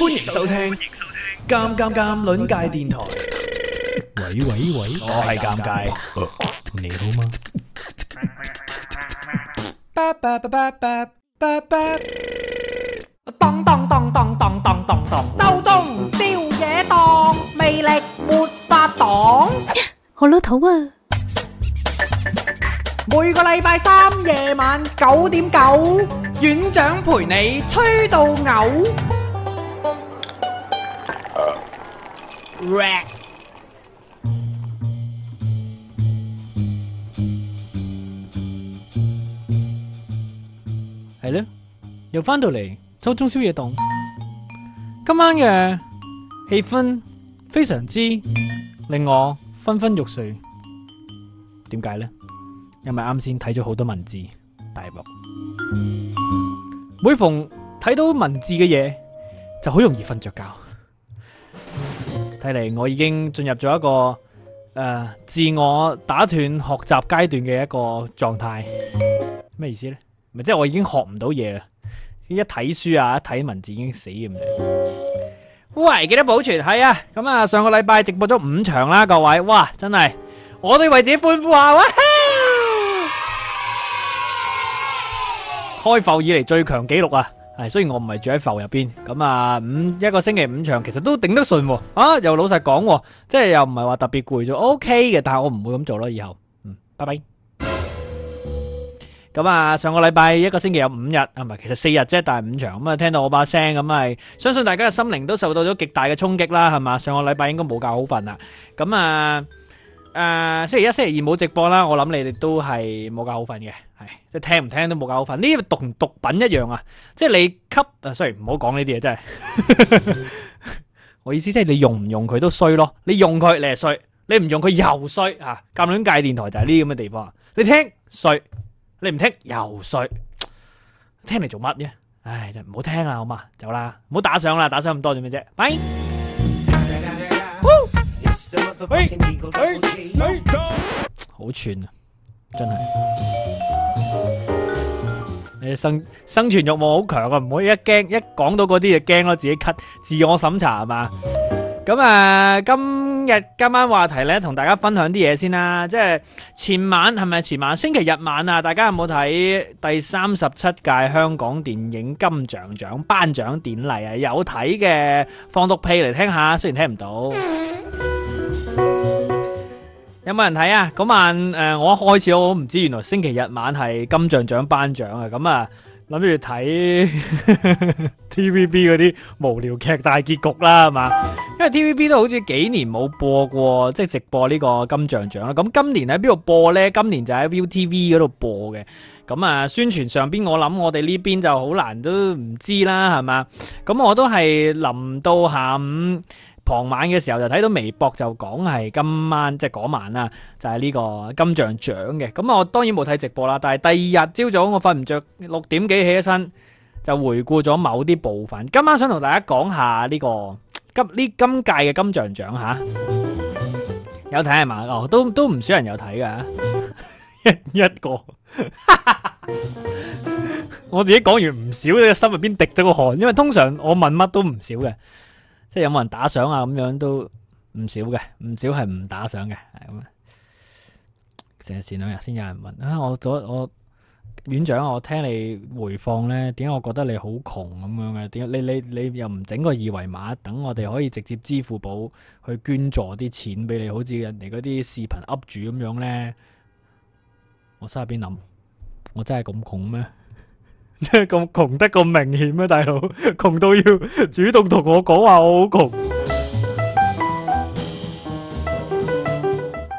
歡迎收聽《尷尷尷》輪界電台。喂喂喂，我係尷尬，你好嗎？咚咚咚咚咚咚咚咚，刀洞宵夜檔，魅力沒法擋。我老土啊！每個禮拜三夜晚九點九，院長陪你吹到嘔。係咧， 又翻到嚟周中宵夜檔。今晚嘅氣氛非常之令我昏昏欲睡。點解呢？因為啱先睇咗好多文字，大鑊。每逢睇到文字嘅嘢，就好容易瞓着覺。睇嚟，我已經進入咗一個誒、呃、自我打斷學習階段嘅一個狀態。咩意思呢？咪即係我已經學唔到嘢啦，一睇書啊，一睇文字已經死咁。喂，記得保存。係啊，咁、嗯、啊，上個禮拜直播咗五場啦，各位。哇，真係我哋為自己歡呼下哇！開埠以嚟最強紀錄啊！係，雖然我唔係住喺浮入邊，咁啊五一個星期五場，其實都頂得順喎。啊，又老實講，即係又唔係話特別攰，就 OK 嘅。但係我唔會咁做咯，以後。嗯，拜拜。咁啊，上個禮拜一個星期有五日，啊唔係，其實四日啫，但係五場咁啊，聽到我把聲咁啊，相信大家嘅心靈都受到咗極大嘅衝擊啦，係嘛？上個禮拜應該冇覺好瞓啦。咁啊，誒，星期一、星期二冇直播啦，我諗你哋都係冇覺好瞓嘅。即係聽唔聽都冇教好份，呢啲毒同毒品一樣啊！即係你吸啊，雖然唔好講呢啲嘢，真係。我意思即係你用唔用佢都衰咯，你用佢你係衰，你唔用佢又衰啊！鑒卵界電台就係呢啲咁嘅地方啊！你聽衰，你唔聽又衰，聽嚟做乜啫？唉，就唔好聽啦，好嘛，走啦，唔好打賞啦，打賞咁多做咩啫？拜。好串啊，真係。生生存慾望好強啊，唔可以一驚一講到嗰啲就驚咯，自己咳，自我審查係嘛？咁啊，今日今晚話題呢，同大家分享啲嘢先啦。啊，即係前晚係咪前晚星期日晚啊？大家有冇睇第三十七屆香港電影金像獎頒獎典禮啊？有睇嘅放毒屁嚟聽下，雖然聽唔到。嗯有冇人睇啊？嗰晚誒、呃，我一開始我唔知，原來星期日晚係金像獎頒獎啊！咁啊，諗住睇 TVB 嗰啲無聊劇大結局啦，係嘛？因為 TVB 都好似幾年冇播過，即係直播呢個金像獎啦。咁今年喺邊度播呢？今年就喺 ViuTV 嗰度播嘅。咁啊，宣傳上邊我諗，我哋呢邊就好難都唔知啦，係嘛？咁我都係臨到下午，傍晚嘅時候就睇到微博就講係今晚即係嗰晚啦，就係呢個金像獎嘅。咁啊，我當然冇睇直播啦。但係第二日朝早我瞓唔着，六點幾起咗身就回顧咗某啲部分。今晚想同大家講下呢個金呢今屆嘅金像獎吓，有睇係嘛？哦，都都唔少人有睇嘅，一 一個。 我自己講完唔少，心入邊滴咗個汗，因為通常我問乜都唔少嘅。即係有冇人打賞啊？咁樣都唔少嘅，唔少係唔打賞嘅，係咁啊！成日前兩日先有人問啊，我咗我，我院長，我聽你回放咧，點解我覺得你好窮咁樣嘅？點解你你你又唔整個二維碼，等我哋可以直接支付寶去捐助啲錢俾你，好似人哋嗰啲視頻 Up 主咁樣咧？我心入邊諗，我真係咁窮咩？即係咁窮得咁明顯咩、啊？大佬窮到要主動同我講，話我好窮。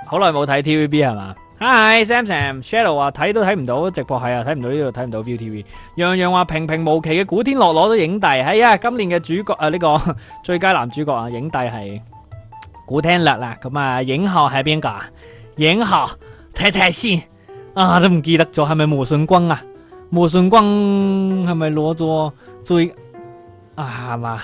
好耐冇睇 TVB 係嘛？Hi Sam Sam，Shadow 話睇都睇唔到直播係啊，睇唔到呢度睇唔到 ViuTV，樣樣話平平無奇嘅古天樂攞到影帝，哎呀、啊，今年嘅主角啊，呢、這個最佳男主角啊，影帝係古天樂啦。咁啊，影后係邊個？影后睇睇先，啊都唔記得咗，係咪毛舜筠啊？毛舜筠係咪攞咗最啊？係嘛？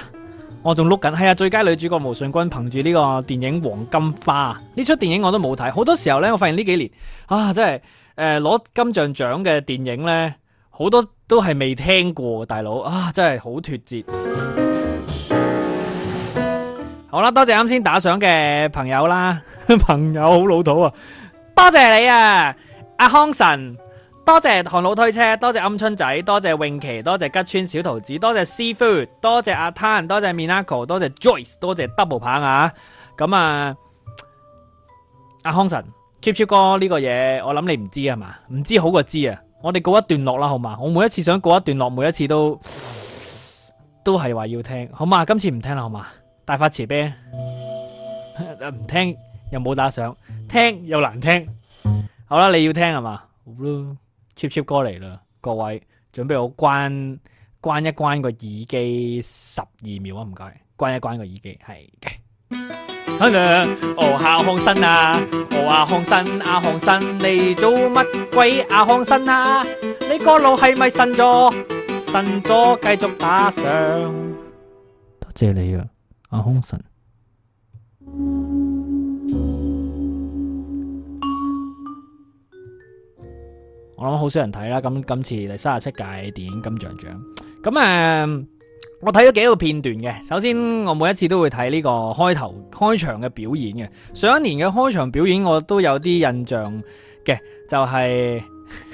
我仲錄緊係啊！最佳女主角毛舜筠憑住呢個電影《黃金花》，呢出電影我都冇睇。好多時候咧，我發現呢幾年啊，真係誒攞金像獎嘅電影咧，好多都係未聽過，大佬啊，真係好脫節。好啦，多謝啱先打賞嘅朋友啦， 朋友好老土啊！多謝你啊，阿康神。多謝唐老推車，多謝庵春仔，多謝泳琪，多謝吉川小桃子，多謝 seafood，多謝阿 Tan，多謝 Minaco，n 多謝 joyce，多謝 double 棒啊！咁啊，阿、啊、康神，cheap c h i p 哥呢個嘢，我諗你唔知係嘛，唔知好過知啊！我哋告一段落啦，好嘛？我每一次想告一段落，每一次都都係話要聽，好嘛？今次唔聽啦，好嘛？大發慈悲，唔 聽又冇打賞，聽又難聽。好啦，你要聽係嘛？好貼貼過嚟啦，各位準備好關關一關個耳機十二秒啊，唔該，關一關個耳機係嘅。阿亮，我阿康神啊，我話康神阿康神嚟做乜鬼？阿康神啊，你個腦係咪神咗？神咗繼續打上，多謝你啊，阿康神。我諗好少人睇啦，咁今次第三十七屆電影金像獎，咁誒，我睇咗幾個片段嘅。首先，我每一次都會睇呢個開頭開場嘅表演嘅。上一年嘅開場表演我都有啲印象嘅，就係、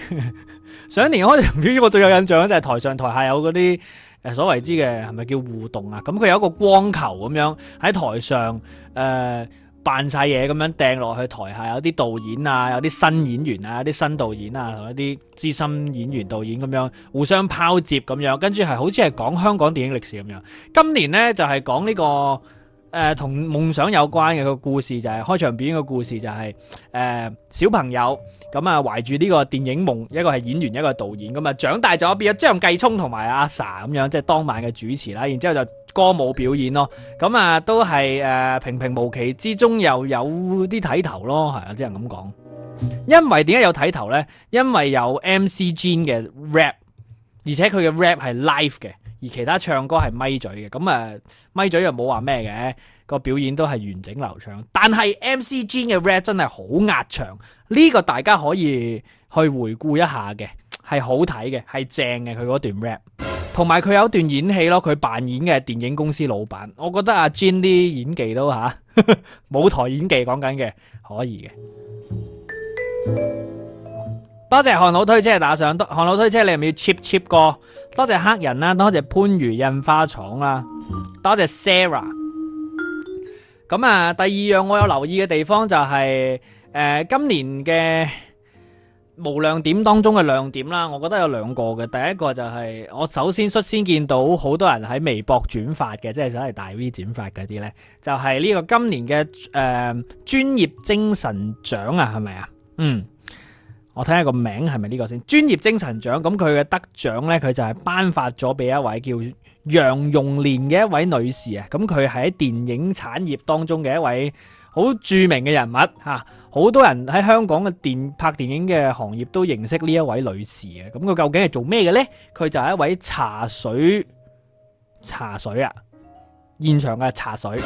是、 上一年嘅開場表演我最有印象咧，就係、是、台上台下有嗰啲誒所謂之嘅，係咪叫互動啊？咁佢有一個光球咁樣喺台上誒。呃扮曬嘢咁樣掟落去台下，有啲導演啊，有啲新演員啊，有啲新導演啊，同一啲資深演員導演咁樣互相拋接咁樣，跟住係好似係講香港電影歷史咁樣。今年呢，就係講呢個同、呃、夢想有關嘅個故事、就係，就係開場片嘅故事、就係，就、呃、係小朋友咁啊、呃，懷住呢個電影夢，一個係演員，一個係導演，咁啊長大咗變咗張繼聰同埋阿 Sa 咁樣，即係當晚嘅主持啦，然之後就，歌舞表演咯，咁啊都係、呃、平平無奇之中又有啲睇頭咯，係呀，只能咁講。因為點解有睇頭呢？因為有 MC Jin 嘅 rap，而且佢嘅 rap 係 live 嘅，而其他唱歌係咪嘴嘅。咁啊咪嘴又冇話咩嘅，個表演都係完整流暢。但係 MC Jin 嘅 rap 真係好壓場，呢個大家可以去回顧一下嘅，係好睇嘅，係正嘅佢嗰段 rap。同埋佢有一段演戲咯，佢扮演嘅電影公司老闆，我覺得阿 Jean 啲演技都吓、啊，舞台演技講緊嘅可以嘅。 多謝韓老推車打賞，多韓老推車你係咪要 cheap cheap 過？多謝黑人啦、啊，多謝番禺印花廠啦、啊，多謝 Sarah。咁啊，第二樣我有留意嘅地方就係、是、誒、呃、今年嘅無亮點當中嘅亮點啦，我覺得有兩個嘅。第一個就係、是、我首先率先見到好多人喺微博轉發嘅，即係首先大 V 轉發嗰啲呢，就係、是、呢個今年嘅誒專業精神獎啊，係咪啊？嗯，我睇下、這個名係咪呢個先？專業精神獎，咁佢嘅得獎呢，佢就係頒發咗俾一位叫楊蓉蓮嘅一位女士啊。咁佢係喺電影產業當中嘅一位好著名嘅人物吓。啊好多人喺香港嘅電拍電影嘅行業都認識呢一位女士嘅，咁佢究竟係做咩嘅咧？佢就係一位茶水茶水啊，現場嘅茶水。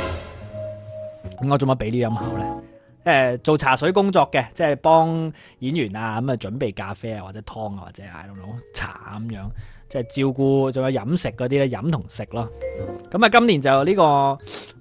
咁我做乜俾呢飲口咧？誒、呃，做茶水工作嘅，即係幫演員啊咁啊準備咖啡啊或者湯啊或者啊等等茶咁樣，即係照顧仲有飲食嗰啲咧飲同食咯。咁啊，今年就呢個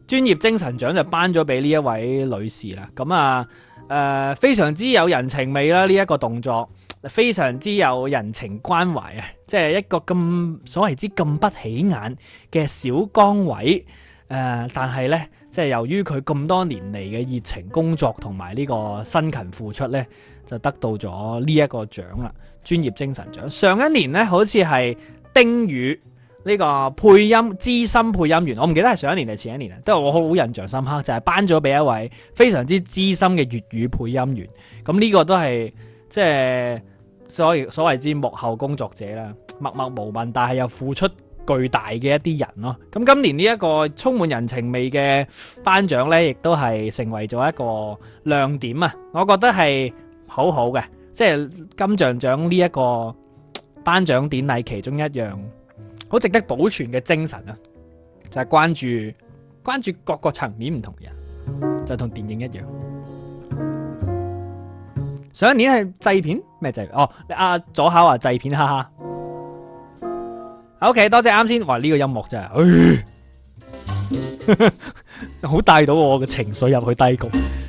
專業精神獎就頒咗俾呢一位女士啦。咁啊～誒、呃、非常之有人情味啦，呢、這、一個動作非常之有人情關懷啊！即係一個咁所謂之咁不起眼嘅小崗位，誒、呃，但係呢，即係由於佢咁多年嚟嘅熱情工作同埋呢個辛勤付出呢，就得到咗呢一個獎啦，專業精神獎。上一年呢，好似係丁羽。呢、個配音資深配音員，我唔記得係上一年定前一年啊，都係我好印象深刻，就係頒咗俾一位非常之資深嘅粵語配音員。咁呢個都係即係所所謂之幕後工作者啦，默默無聞，但係又付出巨大嘅一啲人咯。咁今年呢一個充滿人情味嘅頒獎呢，亦都係成為咗一個亮點啊！我覺得係好好嘅，即係金像獎呢一個頒獎典禮其中一樣。好值得保存嘅精神啊！就係、是、關注關注各個層面唔同嘅人，就同電影一樣。上一年係製片咩製？哦，你阿、啊、左考話製片，哈哈。OK，多謝啱先話呢個音樂真係， 好帶到我嘅情緒入去低谷。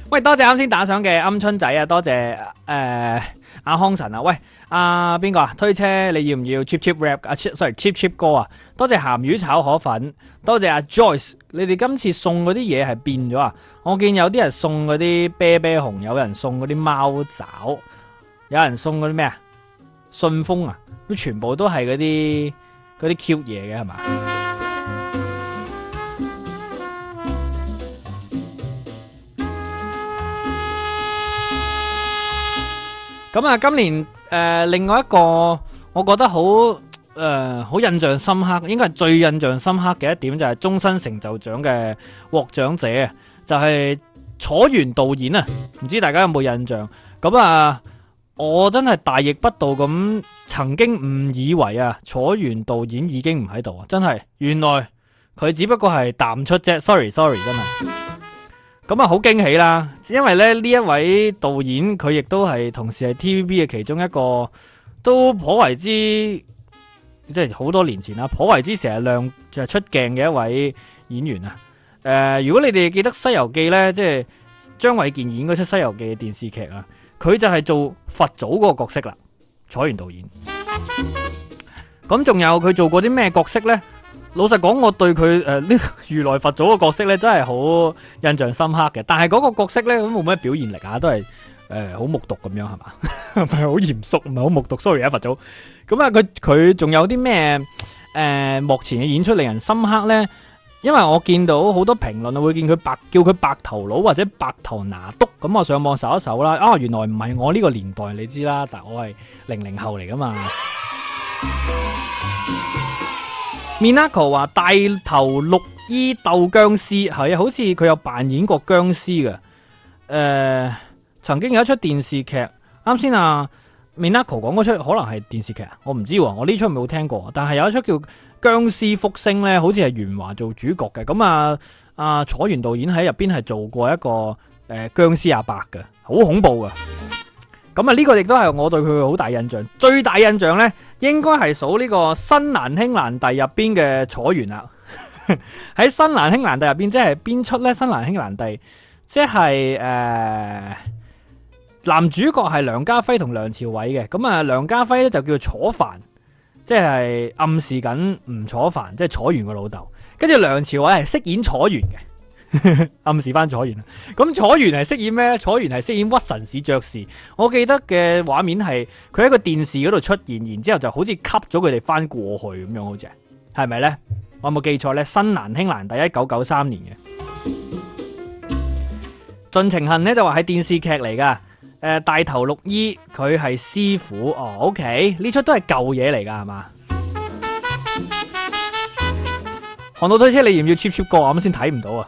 喂，多謝啱先打賞嘅鵪鶉仔啊！多謝誒。呃阿、啊、康神啊，喂，阿邊個啊？推車你要唔要 cheap cheap rap 啊 cheap，sorry cheap cheap 哥啊，多謝鹹魚炒河粉，多謝阿、啊、Joyce，你哋今次送嗰啲嘢係變咗啊！我見有啲人送嗰啲啤啤熊，有人送嗰啲貓爪，有人送嗰啲咩啊？信封啊，全部都係嗰啲嗰啲 cute 嘢嘅係嘛？咁、嗯、啊，今年誒、呃、另外一個我覺得好誒好印象深刻，應該係最印象深刻嘅一點就係終身成就獎嘅獲獎者就係、是、楚原導演啊，唔知大家有冇印象？咁、嗯、啊、嗯，我真係大逆不道咁，曾經誤以為啊楚原導演已經唔喺度啊，真係原來佢只不過係淡出啫，sorry sorry 真係。咁啊，好驚喜啦！因為咧呢一位導演佢亦都係同時係 TVB 嘅其中一個，都頗為之即係好多年前啦，頗為之成日亮就係出鏡嘅一位演員啊。誒、呃，如果你哋記得《西遊記》呢，即係張衛健演嗰出《西遊記》嘅電視劇啊，佢就係做佛祖嗰個角色啦，彩雲導演。咁仲有佢做過啲咩角色呢？老實講，我對佢誒呢如來佛祖嘅角色咧，真係好印象深刻嘅。但係嗰個角色咧，咁冇咩表現力啊，都係誒好木獨咁樣，係嘛，唔係好嚴肅，唔係好木獨。Sorry 啊，佛祖。咁啊，佢佢仲有啲咩誒目前嘅演出令人深刻咧？因為我見到好多評論會見佢白叫佢白頭佬或者白頭拿督。咁我上網搜一搜啦，啊，原來唔係我呢個年代，你知啦，但係我係零零後嚟噶嘛。Minako 話大頭綠衣鬥僵屍係啊，好似佢有扮演過僵屍嘅誒，曾經有一出電視劇啱先啊，Minako 講嗰出可能係電視劇啊，我唔知我呢出冇聽過，但係有一出叫《僵屍復星》咧，好似係元華做主角嘅咁啊。阿、啊、楚原導演喺入邊係做過一個誒僵屍阿伯嘅，好恐怖噶。咁啊，呢個亦都係我對佢好大印象。最大印象呢，應該係數呢個《新難兄難弟》入邊嘅楚原啦，呵呵。喺《新難兄難弟》入邊，即係邊出呢？《新難兄難弟》即係誒、呃，男主角係梁家輝同梁朝偉嘅。咁啊，梁家輝咧就叫楚帆，即係暗示緊吳楚帆，即係楚原個老豆。跟住梁朝偉係飾演楚原嘅。 暗示翻楚原，咁楚原係飾演咩？楚原係飾演屈臣氏爵士，我記得嘅畫面係佢喺個電視嗰度出現，然之後就好似吸咗佢哋翻過去咁樣，好似係咪呢？我有冇記錯呢？新難兄難弟一九九三年嘅《盡情恨》呢就話係電視劇嚟噶。誒、呃，大頭六姨佢係師傅哦。O K，呢出都係舊嘢嚟噶，係嘛？行路推車，你要唔要 cheap cheap 過咁先睇唔到啊！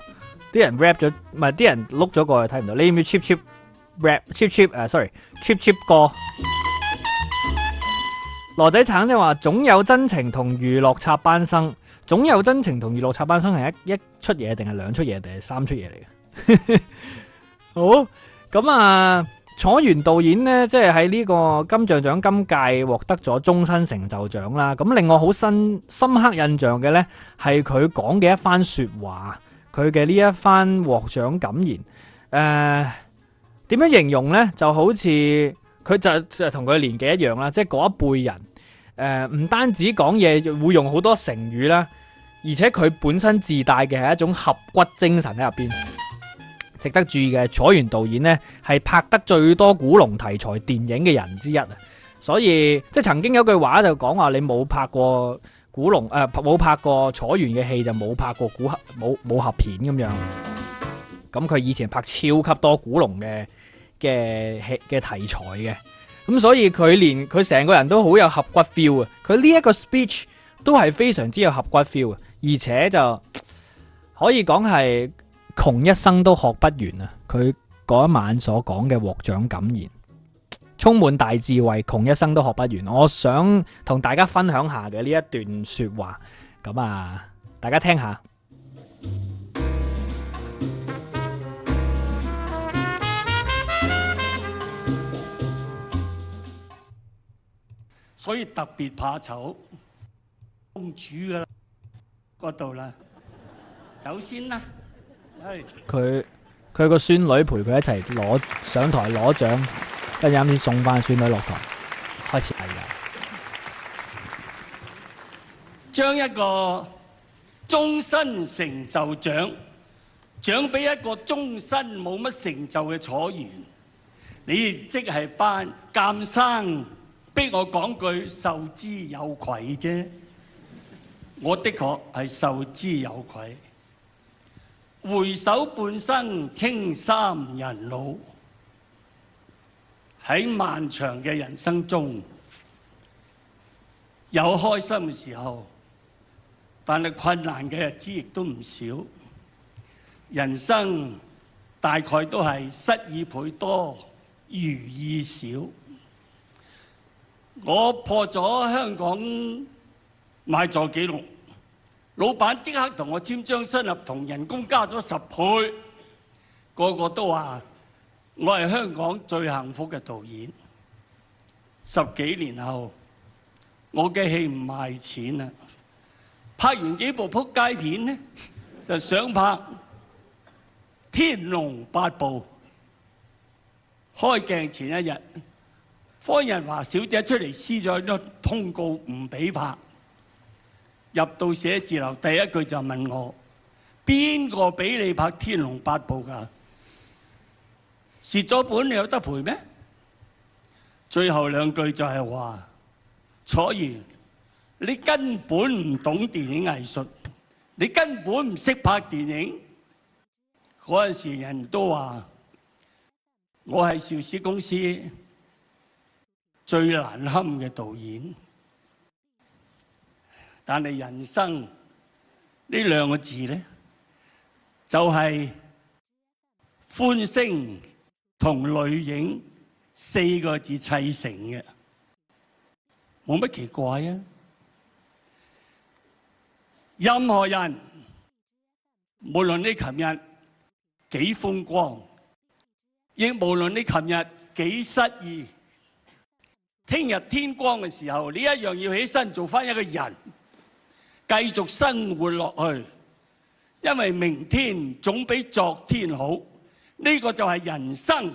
啲人 rap 咗，唔係啲人碌咗過去，睇唔到。你要唔要 cheap cheap rap cheap cheap？誒，sorry cheap cheap 過。羅仔橙即話：總有真情同娛樂插班生，總有真情同娛樂插班生係一一出嘢，定係兩出嘢，定係三出嘢嚟嘅。 好咁啊！楚原導演呢，即係喺呢個金像獎今屆獲得咗終身成就獎啦。咁令我好深深刻印象嘅呢，係佢講嘅一番説話。佢嘅呢一番獲獎感言，誒、呃、點樣形容呢？就好似佢就就同佢年紀一樣啦，即係嗰一輩人。誒、呃、唔單止講嘢會用好多成語啦，而且佢本身自帶嘅係一種俠骨精神喺入邊。值得注意嘅，楚原導演呢係拍得最多古龍題材電影嘅人之一啊！所以即係、就是、曾經有句話就講話你冇拍過古龍誒、冇拍過楚原嘅戲就冇拍過古俠武武俠片咁樣。咁佢以前拍超級多古龍嘅嘅戲嘅題材嘅，咁所以佢連佢成個人都好有合骨 feel 啊！佢呢一個 speech 都係非常之有合骨 feel 啊，而且就可以講係窮一生都學不完啊！佢嗰一晚所講嘅獲獎感言。充滿大智慧，窮一生都學不完。我想同大家分享下嘅呢一段說話，咁啊，大家聽下。所以特別怕醜公主嘅嗰度啦。走先啦，佢佢個孫女陪佢一齊攞上台攞獎。今日啱先送翻孫女落台，開始誒呀！將一個終身成就獎獎俾一個終身冇乜成就嘅楚原，你即係班監生逼我講句受之有愧啫！我的確係受之有愧。回首半生，青衫人老。喺漫長嘅人生中，有開心嘅時候，但係困難嘅日子亦都唔少。人生大概都係失意倍多，如意少。我破咗香港賣座紀錄，老闆即刻同我簽張新合同，同人工加咗十倍，個個都話，我係香港最幸福嘅導演。十幾年後，我嘅戲唔賣錢啦。拍完幾部撲街片，就想拍《天龍八部》。開鏡前一日，方人華小姐出嚟撕咗張通告，唔俾拍。入到寫字樓，第一句就問我：邊個俾你拍《天龍八部》㗎？蝕咗本你有得賠咩？最後兩句就係話，楚原，你根本唔懂電影藝術，你根本唔識拍電影。嗰陣時人都話我係邵氏公司最難堪嘅導演，但係人生呢兩個字咧，就係歡聲。同女影四個字砌成嘅，冇乜奇怪啊！任何人，無論你琴日幾風光，亦無論你琴日幾失意，聽日天光嘅時候，你一樣要起身做返一個人，繼續生活落去，因為明天總比昨天好。呢個就係人生。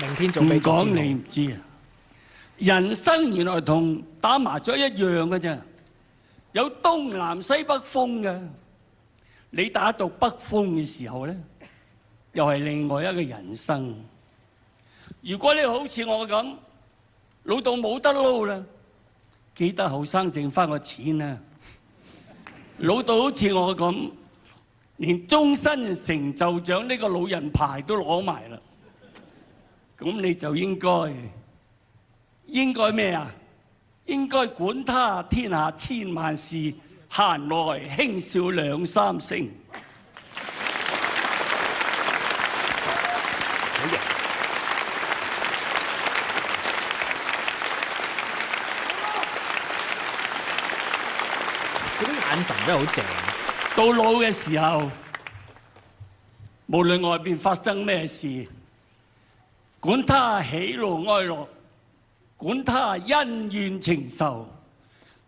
明天仲未講，你唔知啊！人生原來同打麻雀一樣嘅啫，有東南西北風嘅。你打到北風嘅時候咧？又係另外一個人生。如果你好似我咁老到冇得撈啦，記得後生剩翻個錢啦，啊。老到好似我咁，連終身成就獎呢個老人牌都攞埋啦，咁你就應該應該咩啊？應該管他天下千萬事，閒來輕笑兩三聲。真係好正！到老嘅時候，無論外邊發生咩事，管他喜怒哀樂，管他恩怨情仇，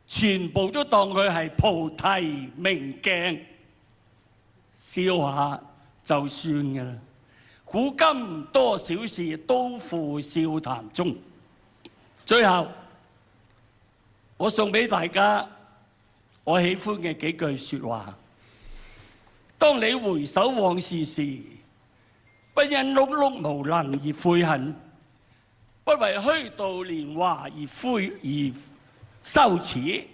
全部都當佢係菩提明鏡，笑下就算噶啦。古今多少事，都付笑談中。最後，我送俾大家。我喜歡嘅幾句説話：當你回首往事時，不因碌碌無能而悔恨，不為虛度年華而悔而羞恥，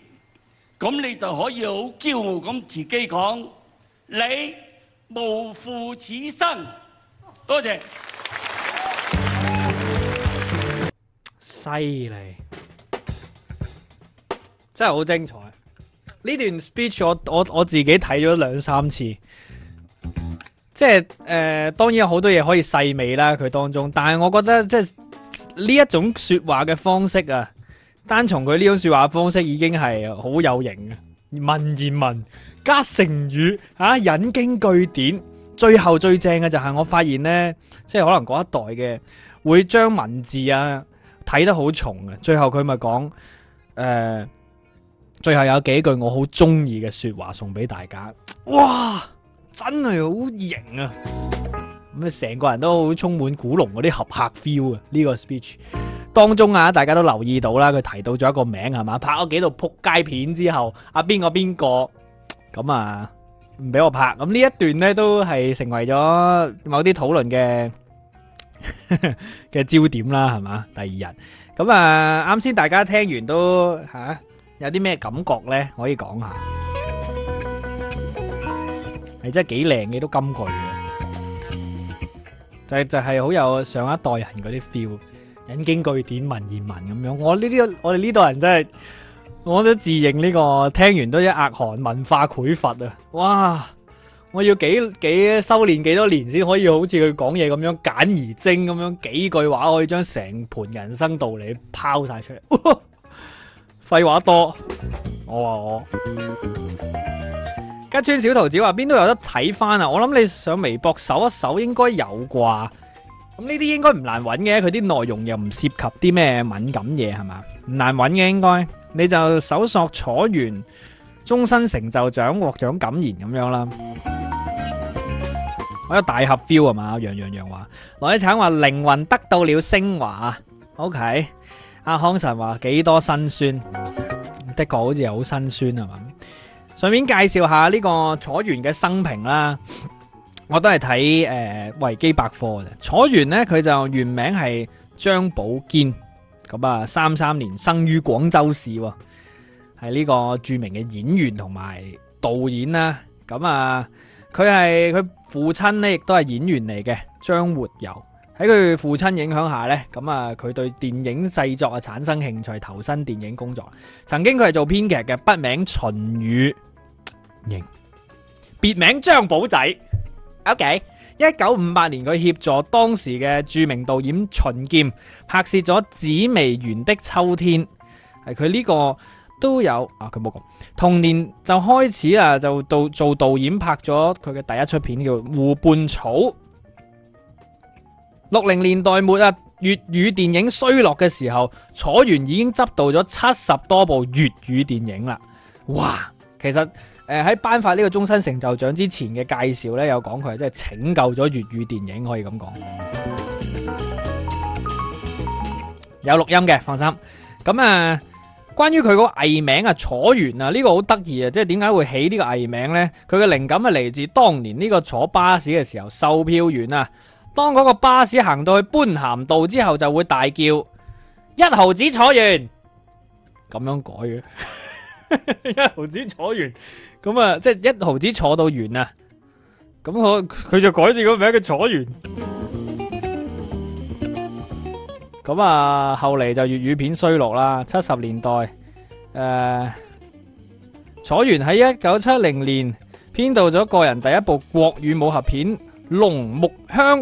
咁你就可以好驕傲咁自己講：你無負此生。多謝。犀利，真係好精彩。呢段 speech 我我我自己睇咗兩三次，即係誒、呃，當然有好多嘢，可以細味啦，佢當中，但係我覺得即係呢一種說話嘅方式啊，單從佢呢種說話方式已經係好有型嘅，文言文加成語吓、啊，引經據典，最後最正嘅就係我發現呢，即係可能嗰一代嘅會將文字啊睇得好重，最後佢咪講誒。呃最後有幾句我好中意嘅說話送俾大家，哇，真係好型啊！咁啊，成個人都好充滿古龍嗰啲俠客 feel 啊！呢個 speech 當中啊，大家都留意到啦，佢提到咗一個名係嘛，拍咗幾套撲街片之後，啊邊個邊個咁啊，唔俾我拍。咁呢一段呢都係成為咗某啲討論嘅嘅焦點啦，係嘛？第二日咁啊，啱先大家聽完都吓。有啲咩感覺呢？可以講下，係真係幾靚嘅都金句嘅，就係、就係、係、好有上一代人嗰啲 feel，引經據典、文言文咁樣。我呢啲我哋呢代人真係，我都自認呢、這個聽完都一額汗，文化匱乏啊！哇，我要幾幾修煉幾多年先可以好似佢講嘢咁樣簡而精咁樣，幾句話可以將成盤人生道理拋曬出嚟。廢話多，我話我。吉川小桃子話，邊都有得睇翻啊！我諗你上微博搜一搜應該有啩。咁呢啲應該唔難揾嘅，佢啲內容又唔涉及啲咩敏感嘢係嘛？唔難揾嘅應該，你就搜索楚原終身成就獎獲獎感言咁樣啦。我有大合 feel 係嘛，楊洋洋話，羅啟橙話靈魂得到了升華。OK。阿、啊、康臣話，幾多辛酸，的確好似好辛酸係嘛。順便介紹下呢個楚原嘅生平啦，我都係睇、誒維基百科嘅。楚原呢，佢就原名係張寶堅，咁啊三三年生於廣州市，係呢個著名嘅演員同埋導演啦。咁啊，佢係佢父親呢，亦都係演員嚟嘅張活游。喺佢父親影響下呢咁啊，佢對電影製作啊產生興趣，投身電影工作。曾經佢係做編劇嘅，筆名秦宇，名別名張寶仔。OK，一九五八年佢協助當時嘅著名導演秦劍拍攝咗《紫薇園的秋天》。係佢呢個都有啊，佢冇講。同年就開始啊，就到做導演拍咗佢嘅第一出片叫《湖畔草》。六零年代末啊，粵語電影衰落嘅時候，楚原已經執到咗七十多部粵語電影啦。哇，其實誒喺頒發呢個終身成就獎之前嘅介紹呢，有講佢即係拯救咗粵語電影，可以咁講 有錄音嘅，放心。咁啊、呃，關於佢個藝名啊，楚原啊，呢、這個好得意啊，即係點解會起呢個藝名呢？佢嘅靈感係嚟自當年呢個坐巴士嘅時候，售票員啊。當嗰個巴士行到去般咸道之後，就會大叫一毫子坐完。咁樣改嘅，一毫子坐完。咁啊， 即係一毫子坐到完啊。咁佢佢就改住個名叫坐完。咁 啊，後嚟就粵語片衰落啦。七十年代，誒、呃，楚原喺一九七零年編導咗個人第一部國語武俠片《龍木香》。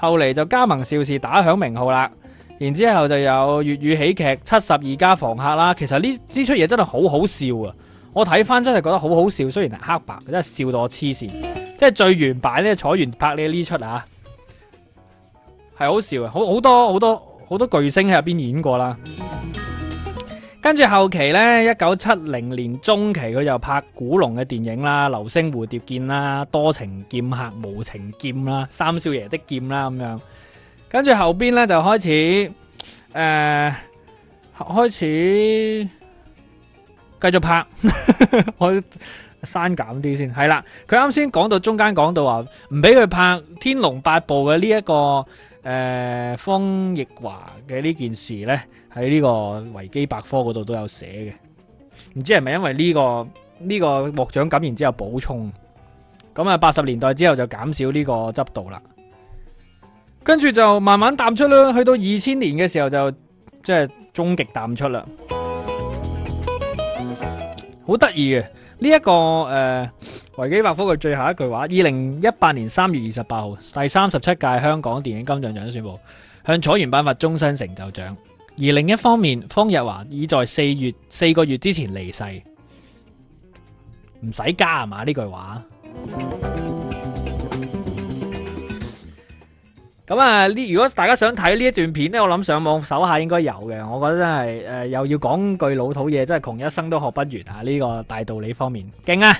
後嚟就加盟邵氏，打響名號啦。然之後就有粵語喜劇《七十二家房客》啦。其實呢，呢出嘢真係好好笑啊！我睇翻真係覺得好好笑，雖然係黑白，真係笑到我黐線。即係最原版呢，楚原拍呢，呢出啊，係好笑啊！好好多好多好多巨星喺入邊演過啦。跟住後期呢，一九七零年中期，佢就拍古龍嘅電影啦，《流星蝴蝶劍》啦，《多情劍客無情劍》啦，《三少爺的劍》啦，咁樣。跟住後邊呢，就開始誒、呃，開始繼續拍， 我刪減啲先。係啦，佢啱先講到中間講到話，唔俾佢拍《天龍八部》嘅呢一個誒，方逸華嘅呢件事呢。喺呢個維基百科嗰度都有寫嘅，唔知係咪因為呢、這個呢、這個獲獎感言，然之後補充咁啊？八十年代之後就減少呢個執導啦，跟住就慢慢淡出啦。去到二千年嘅時候就即係、就是、終極淡出啦，好得意嘅呢一個誒、呃、維基百科嘅最後一句話：二零一八年三月二十八號，第三十七屆香港電影金像獎宣布向楚原頒發終身成就獎。而另一方面，方日華已在四月四個月之前離世，唔使加係嘛呢句話？咁 啊，呢如果大家想睇呢一段片呢，我諗上網搜下應該有嘅。我覺得真係誒、呃，又要講句老土嘢，真係窮一生都學不完啊！呢、這個大道理方面，勁啊！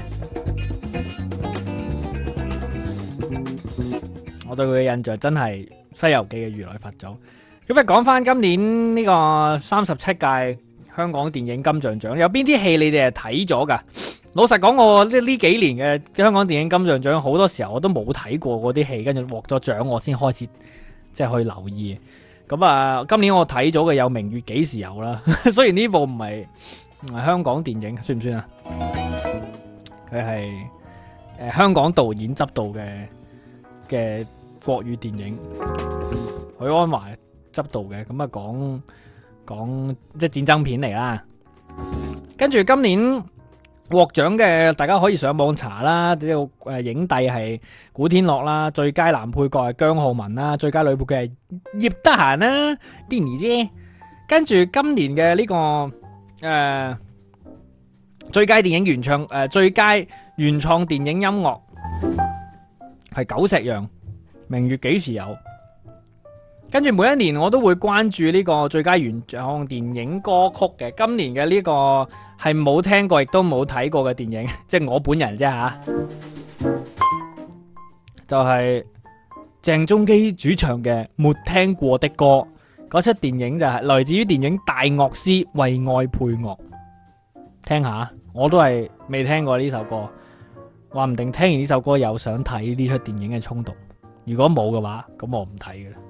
我對佢嘅印象真係《西遊記》嘅如來佛祖。咁啊，講翻今年呢個三十七屆香港電影金像獎，有邊啲戲你哋係睇咗噶？老實講，我呢呢幾年嘅香港電影金像獎好多時候我都冇睇過嗰啲戲，跟住獲咗獎我先開始即係去留意。咁啊，今年我睇咗嘅有《明月幾時有》啦。雖然呢部唔係唔係香港電影，算唔算啊？佢係、呃、香港導演執導嘅嘅國語電影，許鞍華。執導嘅咁啊，講講即係戰爭片嚟啦。跟住今年獲獎嘅，大家可以上網查啦。呢個誒影帝係古天樂啦，最佳男配角係姜皓文啦，最佳女配角係葉德嫻啦。啲然之，跟住今年嘅呢、這個誒、呃、最佳電影原唱，誒、呃、最佳原創電影音樂係《久石讓》《明月幾時有》。跟住每一年我都會關注呢個最佳原創電影歌曲嘅。今年嘅呢個係冇聽過亦都冇睇過嘅電影，即係我本人啫吓，就係、係 就係、鄭中基主唱嘅《沒聽過的歌》嗰出電影就係、係、來自於電影《大樂師·為愛配樂》。聽下，我都係未聽過呢首歌，話唔定聽完呢首歌有想睇呢出電影嘅衝動。如果冇嘅話，咁我唔睇嘅喇。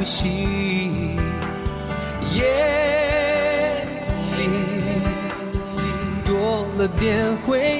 呼吸，夜裏多了點灰。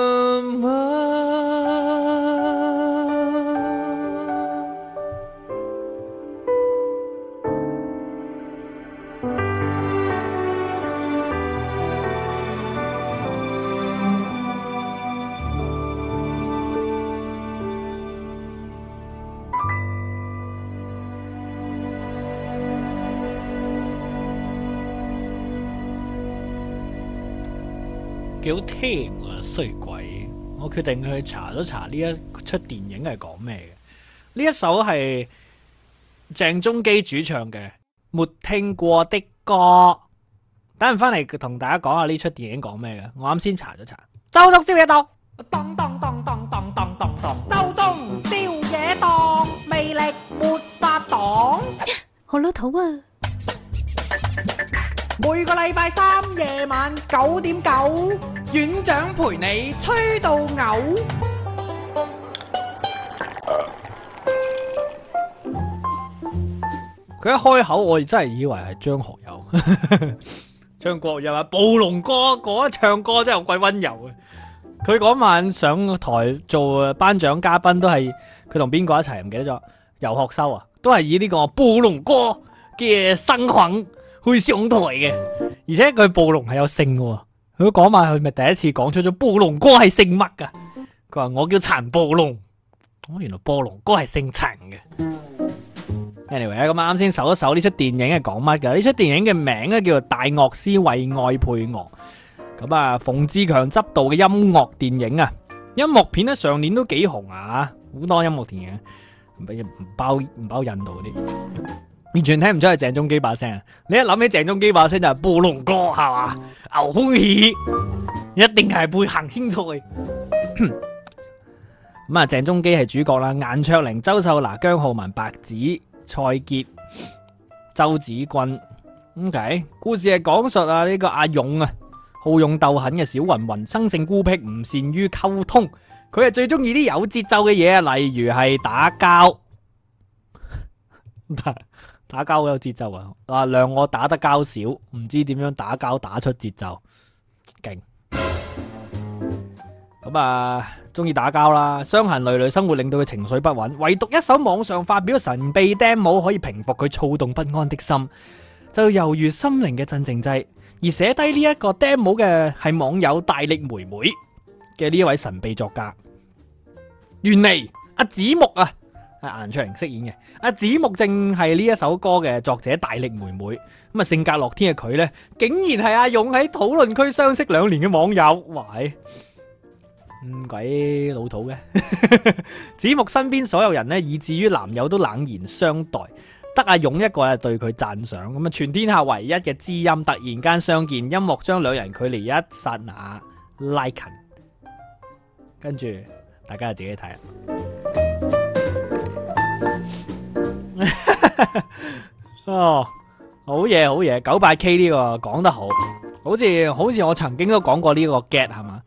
天、啊、衰鬼，我決定去查咗查呢一出電影係講咩嘅。呢一首係鄭中基主唱嘅，沒聽過的歌。等陣翻嚟同大家講下呢出電影講咩嘅。我啱先查咗查。周中宵夜檔，咚咚咚咚咚咚咚咚。周中宵夜檔，魅力沒法擋。好攞土啊！每個禮拜三夜晚九點九。院長陪你吹到嘔。佢一開口，我真係以為係張學友、張國又啊！暴龍哥嗰一唱歌真係好鬼温柔啊！佢嗰晚上台做頒獎嘉賓，都係佢同邊個一齊唔記得咗？游學修啊，都係以呢個暴龍哥嘅身份去上台嘅，而且佢暴龍係有性嘅。如果講埋佢咪第一次講出咗暴龍哥係姓乜噶，啊？佢話我叫陳暴龍，哦，原來暴龍哥係姓陳嘅。anyway，咁啱先搜一搜呢出電影係講乜噶？呢出電影嘅名咧叫做《大樂師為愛配樂》，咁啊，馮志強執導嘅音樂電影啊，音樂片咧上年都幾紅啊，好多音樂電影，唔包唔包印度啲。完全聽唔出係鄭中基把聲啊！你一諗起鄭中基把聲就係暴龍哥係嘛？牛歡喜，一定係背行先菜。咁啊，鄭 中基係主角啦。顏卓靈、周秀娜、姜浩文、白子、蔡潔、周子君。OK，故事係講述啊呢、這個阿勇啊，好勇鬥狠嘅小雲雲，生性孤僻，唔善於溝通。佢係最中意啲有節奏嘅嘢，例如係打交。 打交好有節奏啊！嗱，量我打得交少，唔知點樣打交打出節奏勁。咁、嗯、啊，中意打交啦，傷痕累累，生活令到佢情緒不穩，唯獨一首網上發表神秘 demo 可以平復佢躁動不安的心，就猶如心靈嘅鎮靜劑。而寫低呢一個 demo 嘅係網友大力妹妹嘅呢一位神秘作家，原嚟阿子木啊！阿顏卓瑩飾演嘅，阿紫木正係呢一首歌嘅作者大力妹妹，咁啊性格樂天嘅佢呢，竟然係阿勇喺討論區相識兩年嘅網友，喂，咁鬼老土嘅！紫 木身邊所有人呢，以至於男友都冷言相待，得阿勇一個啊對佢讚賞，咁啊全天下唯一嘅知音突然間相見，音樂將兩人距離一剎那拉近，跟住大家自己睇。 哦，好嘢好嘢，九百 K 呢個講得好，好似好似我曾經都講過呢個 get 係嘛？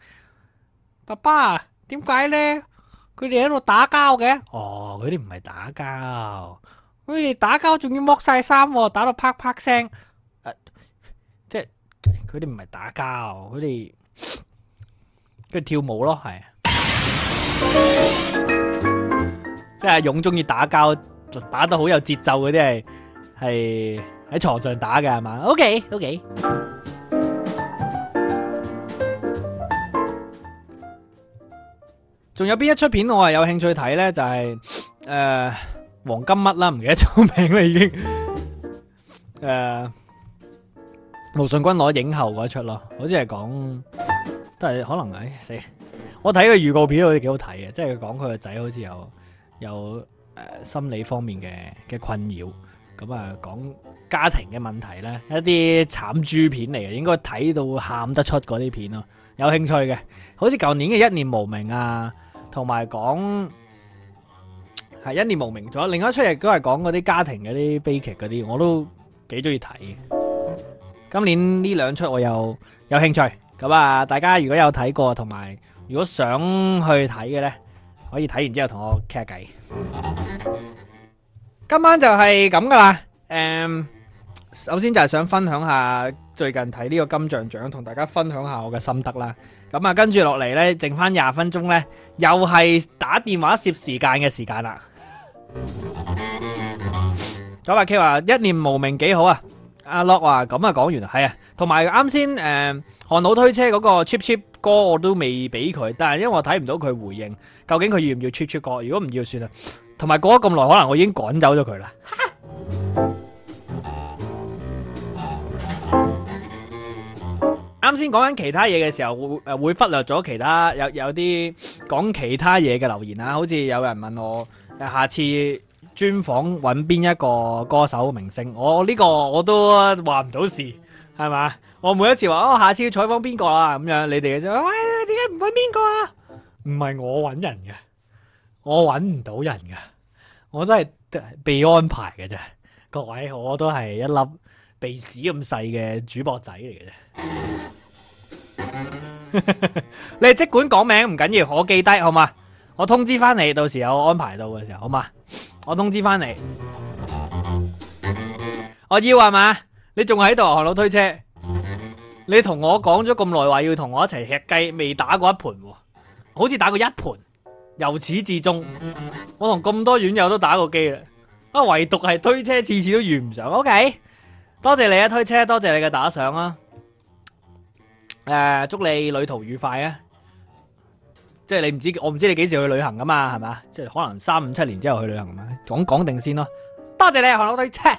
爸爸點解呢？佢哋喺度打交嘅？哦，佢哋唔係打交，佢哋打交仲要剝晒衫，打到啪啪聲，呃。即係佢哋唔係打交，佢哋佢跳舞咯，係。 即係勇中意打交。打得好有節奏嗰啲係係喺床上打嘅係嘛？OK OK。仲有邊一出片我係有興趣睇咧？就係、是、誒、呃《黃金乜》啦，唔記得咗名啦已經。誒、呃，盧信君攞影後嗰出咯，好似係講都係可能誒死、哎。我睇個預告片好似幾好睇嘅，即係佢講佢個仔好似有有。有誒、呃，心理方面嘅嘅困擾，咁啊講家庭嘅問題咧，一啲慘豬片嚟嘅，應該睇到喊得出嗰啲片咯，啊，有興趣嘅，好似舊年嘅，啊《一念無明》啊，同埋講係《一念無明》咗，另一出亦都係講嗰啲家庭嗰啲悲劇嗰啲，我都幾中意睇嘅。今年呢兩出我又有興趣，咁啊，大家如果有睇過，同埋如果想去睇嘅呢。可以睇完之後同我傾下偈。今晚就係咁噶啦。誒，首先就係想分享下最近睇呢個金像獎，同大家分享下我嘅心得啦。咁啊，跟住落嚟呢，剩翻廿分鐘呢，又係打電話攝時間嘅時間啦。左伯 K 話：一念無名幾好啊！阿樂話：咁啊，講完啦，係啊。同埋啱先誒，韓佬推車嗰個 Chip Chip。歌我都未俾佢，但係因為我睇唔到佢回應，究竟佢要唔要出出歌？如果唔要算了，算啦。同埋過咗咁耐，可能我已經趕走咗佢啦。啱先講緊其他嘢嘅時候，會會忽略咗其他有有啲講其他嘢嘅留言啦。好似有人問我，下次專訪搵邊一個歌手明星？我呢、這個我都話唔到事，係嘛？我每一次話哦，下次要採訪邊個啊？咁樣你哋就話喂，點解唔搵邊個啊？唔係我搵人嘅，我搵唔到人嘅，我都係被安排嘅啫。各位，我都係一粒鼻屎咁細嘅主播仔嚟嘅啫。 你即管講名唔緊要，我記低好嘛？我通知翻你，到時候安排到嘅時候好嘛？我通知翻你，我要係嘛？你仲喺度，學到推車。你同我講咗咁耐話要同我一齊吃雞，未打過一盤喎，好似打過一盤。由始至終，我同咁多院友都打過機啦，啊，唯獨係推車，次次都遇唔上。OK，多謝你啊，推車，多謝你嘅打賞啦、啊。誒、呃，祝你旅途愉快啊！即係你唔知，我唔知你幾時去旅行噶嘛，係咪？即係可能三五七年之後去旅行啊嘛，講講定先咯。多謝你啊，推車。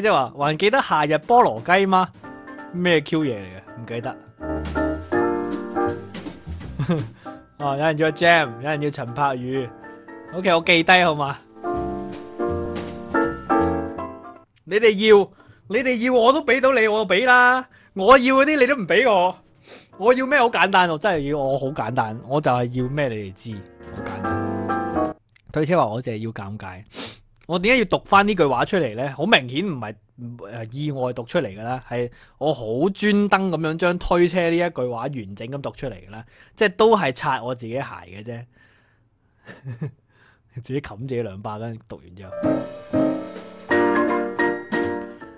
即係話，還記得夏日菠蘿雞嗎？咩 Q 嘢嚟嘅？唔記得。 哦，有人叫 Jam，有人叫陳柏宇。OK，我記低好嘛？ 你哋要，你哋要，我都俾到你，我就俾啦。我要嗰啲，你都唔俾我。我要咩？好簡單，我真係要，我好簡單，我就係要咩？你哋知。好退車話， 我淨係要尷尬。我點解要讀翻呢句話出嚟呢？好明顯唔係意外讀出嚟㗎啦，係我好專登咁樣將推車呢一句話完整咁讀出嚟㗎啦，即係都係擦我自己鞋嘅啫， 自己冚自己兩把啦，讀完之後。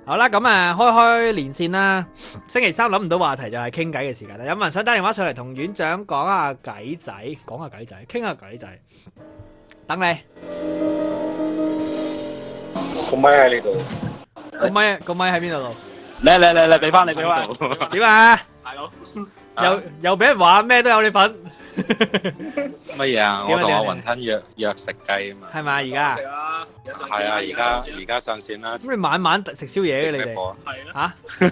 好啦，咁啊，開開連線啦。星期三諗唔到話題就係傾偈嘅時間啦。有冇人想打電話上嚟同院長講下偈仔，講下偈仔，傾下偈仔？等你。個咪喺呢度，個咪個咪喺邊度度？嚟嚟嚟嚟，俾翻你，俾翻點啊！大佬，又又俾人話咩都有你份，乜嘢啊？我同阿雲吞約約食雞啊嘛，係咪啊？而家係啊，而家而家上線啦。咁你晚晚食宵夜嘅你哋，係啦，吓，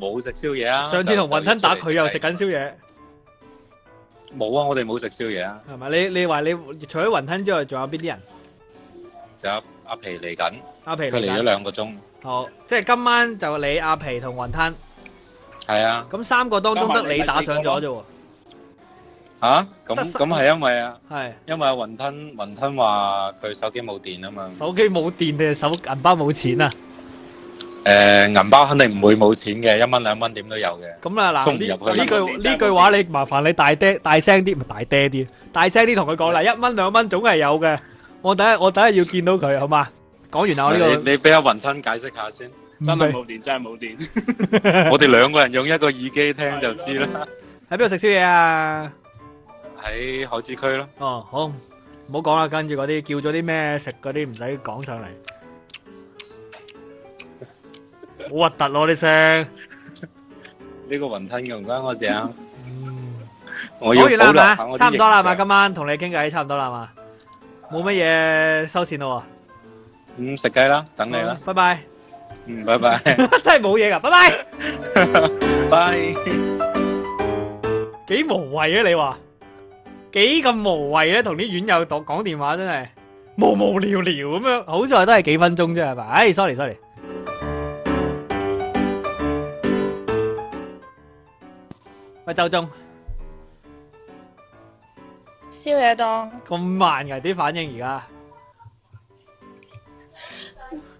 冇食宵夜啊！上次同雲吞打，佢又食緊宵夜。冇啊！我哋冇食宵夜啊。係咪？你你話你除咗雲吞之外，仲有邊啲人？有。阿皮嚟緊，佢嚟咗兩個鐘。好，即係今晚就你阿皮同雲吞。係啊。咁三個當中得你打上咗啫喎。啊？咁咁係因為啊？係。因為阿雲吞，雲吞話佢手機冇電啊嘛。手機冇電定係手銀包冇錢啊？誒，銀包肯定唔會冇錢嘅，一蚊兩蚊點都有嘅。咁啊，嗱呢呢句呢句話你麻煩你大啲，大聲啲咪大啲啲，大聲啲同佢講啦，一蚊兩蚊總係有嘅。我等下我等下要見到佢，好嘛？講完啦呢度，你俾阿雲吞解釋下先，真係冇電，真係冇電。我哋兩個人用一個耳機聽就知啦。喺邊度食宵夜啊？喺海珠區咯。哦，好，唔好講啦，跟住嗰啲叫咗啲咩食嗰啲，唔使講上嚟。好核突咯啲聲。呢個雲吞用緊我隻啊。嗯，我要。好完啦係嘛，差唔多啦係嘛，今晚同你傾偈差唔多啦係嘛。冇乜嘢，收線咯喎，咁食雞啦，等你啦，拜拜，嗯，拜拜，真係冇嘢噶，拜拜，拜，幾無謂啊你話，幾咁無謂啊，同啲院友講講電話真係無無聊聊咁樣，好在都係幾分鐘啫，係咪？哎，sorry sorry，喂周中。燒嘢檔，咁慢噶啲反應而家，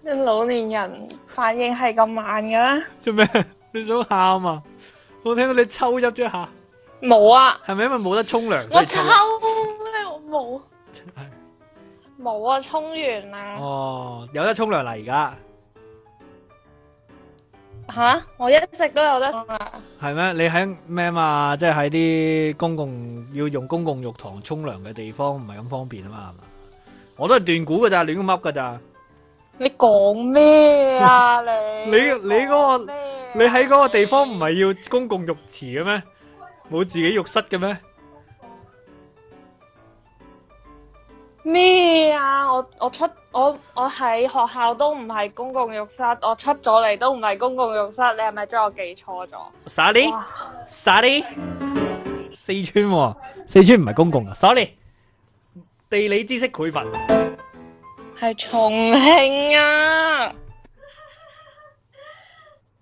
啲老年人反應係咁慢噶啦。做咩你想喊啊？我聽到你抽泣咗一下。冇啊。係咪因為冇得沖涼先抽？我抽咩？我冇。冇 啊，沖完啦。哦，有得沖涼啦，而家。吓！我一直都有得沖係咩？你喺咩嘛？即係喺啲公共要用公共浴堂沖涼嘅地方，唔係咁方便啊嘛？係嘛？我都係斷估噶咋，亂咁噏噶咋！你講咩啊你, 你？你、那個啊、你嗰個你喺嗰個地方唔係要公共浴池嘅咩？冇自己浴室嘅咩？咩啊！我我出我我喺學校都唔係公共浴室，我出咗嚟都唔係公共浴室。你係咪將我記錯咗？Sorry，Sorry，四川喎，啊，四川唔係公共啊。Sorry，地理知識匱乏，係重慶啊！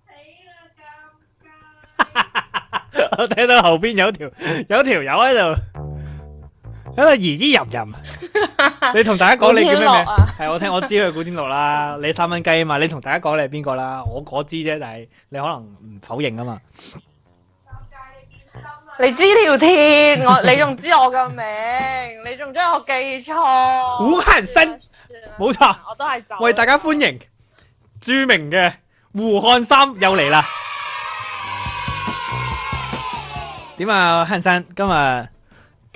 死啦！尷尬！我睇到後邊有條有條友喺度。喺度怡怡任任，嗯嗯嗯嗯嗯、 你同大家講，你叫咩名？係、啊、我聽我知佢古天樂啦。 你三蚊雞啊嘛，你同大家講你係邊個啦？我嗰知啫，但係你可能唔否認啊嘛。你知條鐵 我，你仲知我個名，你仲將我記錯。 胡漢生，冇錯，我都係。為大家歡迎 著名嘅胡漢三又嚟啦。點 啊，漢生今日？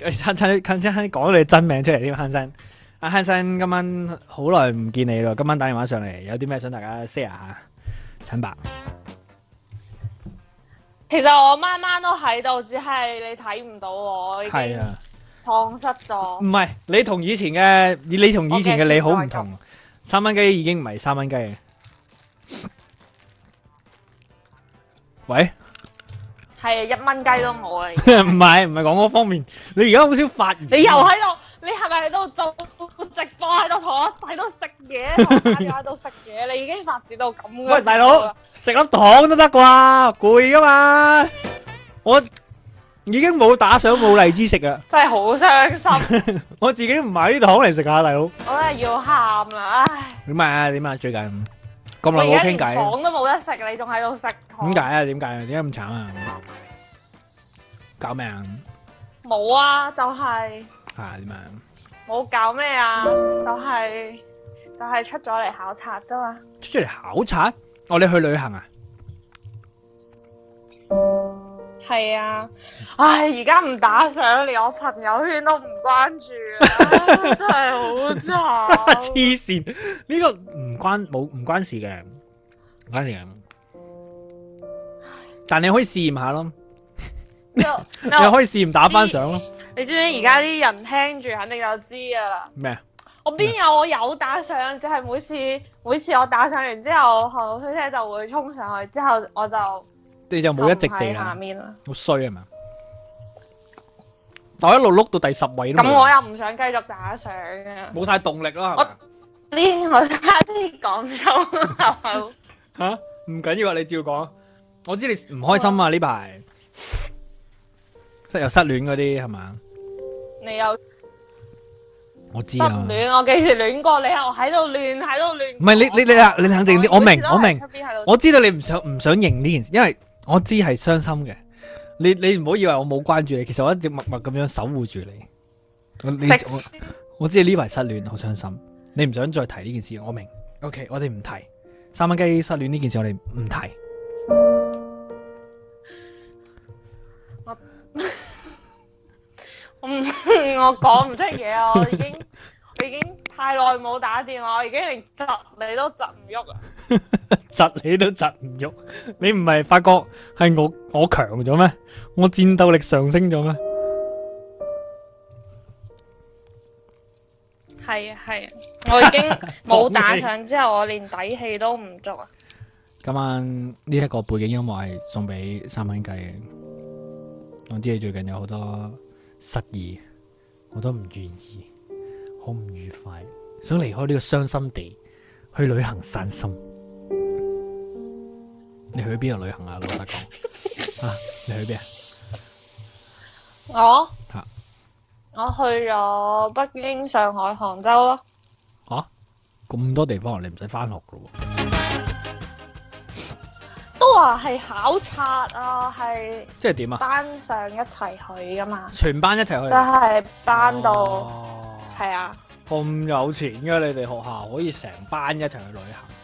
阿慳生，慳生，講你真名出嚟，添，慳生。阿慳生，今晚好耐唔見你咯，今晚打電話上嚟，有啲咩想大家 share 下？陳伯，其實我晚晚都喺度，只係你睇唔到我，已經喪失咗？唔係、啊，你同以前嘅你，同以前嘅你好唔同，三蚊雞已經唔係三蚊雞啊！喂？係啊，一蚊雞都冇啊！ 唔係，唔係講嗰方面，你而家好少發言，你在那。你又喺度，你係咪喺度做直播，喺度坐，喺度食嘢，喺度食嘢？ 你已經發展到咁。喂，大佬，食粒糖都得啩？攰㗎嘛！我已經冇打賞冇荔枝食啊！ 真係好傷心。 我自己唔買啲糖嚟食啊，大佬。我真係要喊啦，唉！點啊點啊最近？咁耐冇傾偈，我房都冇得食，你仲喺度食糖？點解啊？點解啊？點解咁慘啊？搞咩冇啊，啊，就係係點啊？冇、啊、搞咩啊？就係、是、就係、是、出咗嚟考察啫嘛！出咗嚟考察？我、oh, 哋去旅行啊？係啊！唉、哎，而家唔打賞，連我朋友圈都唔關注 真係好慘！黐 線，呢、這個。關冇唔關事嘅，關事。但你可以試驗下咯， 你可以試驗打翻相咯。你知唔知而家啲人聽住肯定就知噶啦。咩？我邊有我有打上，就係、是、每次每次我打上完之後，後推車就會衝上去，之後我就你就冇一,一直地下面，好衰係嘛？但一路碌到第十位，咁我又唔想繼續打上嘅，冇晒動力啦，係嘛？呢，我差啲講粗口。吓，唔緊要啊！你照講，我知你唔開心啊！呢排，失又失戀嗰啲係嘛？你有，我知。失戀，我幾時戀過你啊？我喺度亂，喺度亂。唔係你，你你啊！你肯定，我明，我明，我知道你唔想唔想認呢件事，因為我知係傷心嘅。你你唔好以為我冇關注你，其實我一直默默咁樣守護住你。我你我我知呢排失戀，好傷心。你唔想再提呢件事，我明。OK，我哋唔提三蚊雞失戀呢件事，我哋唔提。我唔，我講唔出嘢，啊，我已經， 我已經太耐冇打電話，我已經連窒你都窒唔喐啊！窒 你都窒唔喐，你唔係發覺係我我強咗咩？我戰鬥力上升咗咩？係啊係啊，我已經冇打上之後，我連底氣都唔足啊。 今晚呢一個背景音樂係送俾三蚊雞嘅，我知你最近有好多失意，我都唔願意，好唔愉快，想離開呢個傷心地去旅行散心。你去邊度旅行啊，老實講 啊，你去邊啊？我。啊我去咗北京、上海、杭州咯。吓、啊？咁多地方，你唔使翻學咯？都話係考察啊，係即係點啊？班上一齊去噶嘛？全班一齊去？就係、是、班度，係、哦、啊。咁有錢嘅你哋學校，可以成班一齊去旅行。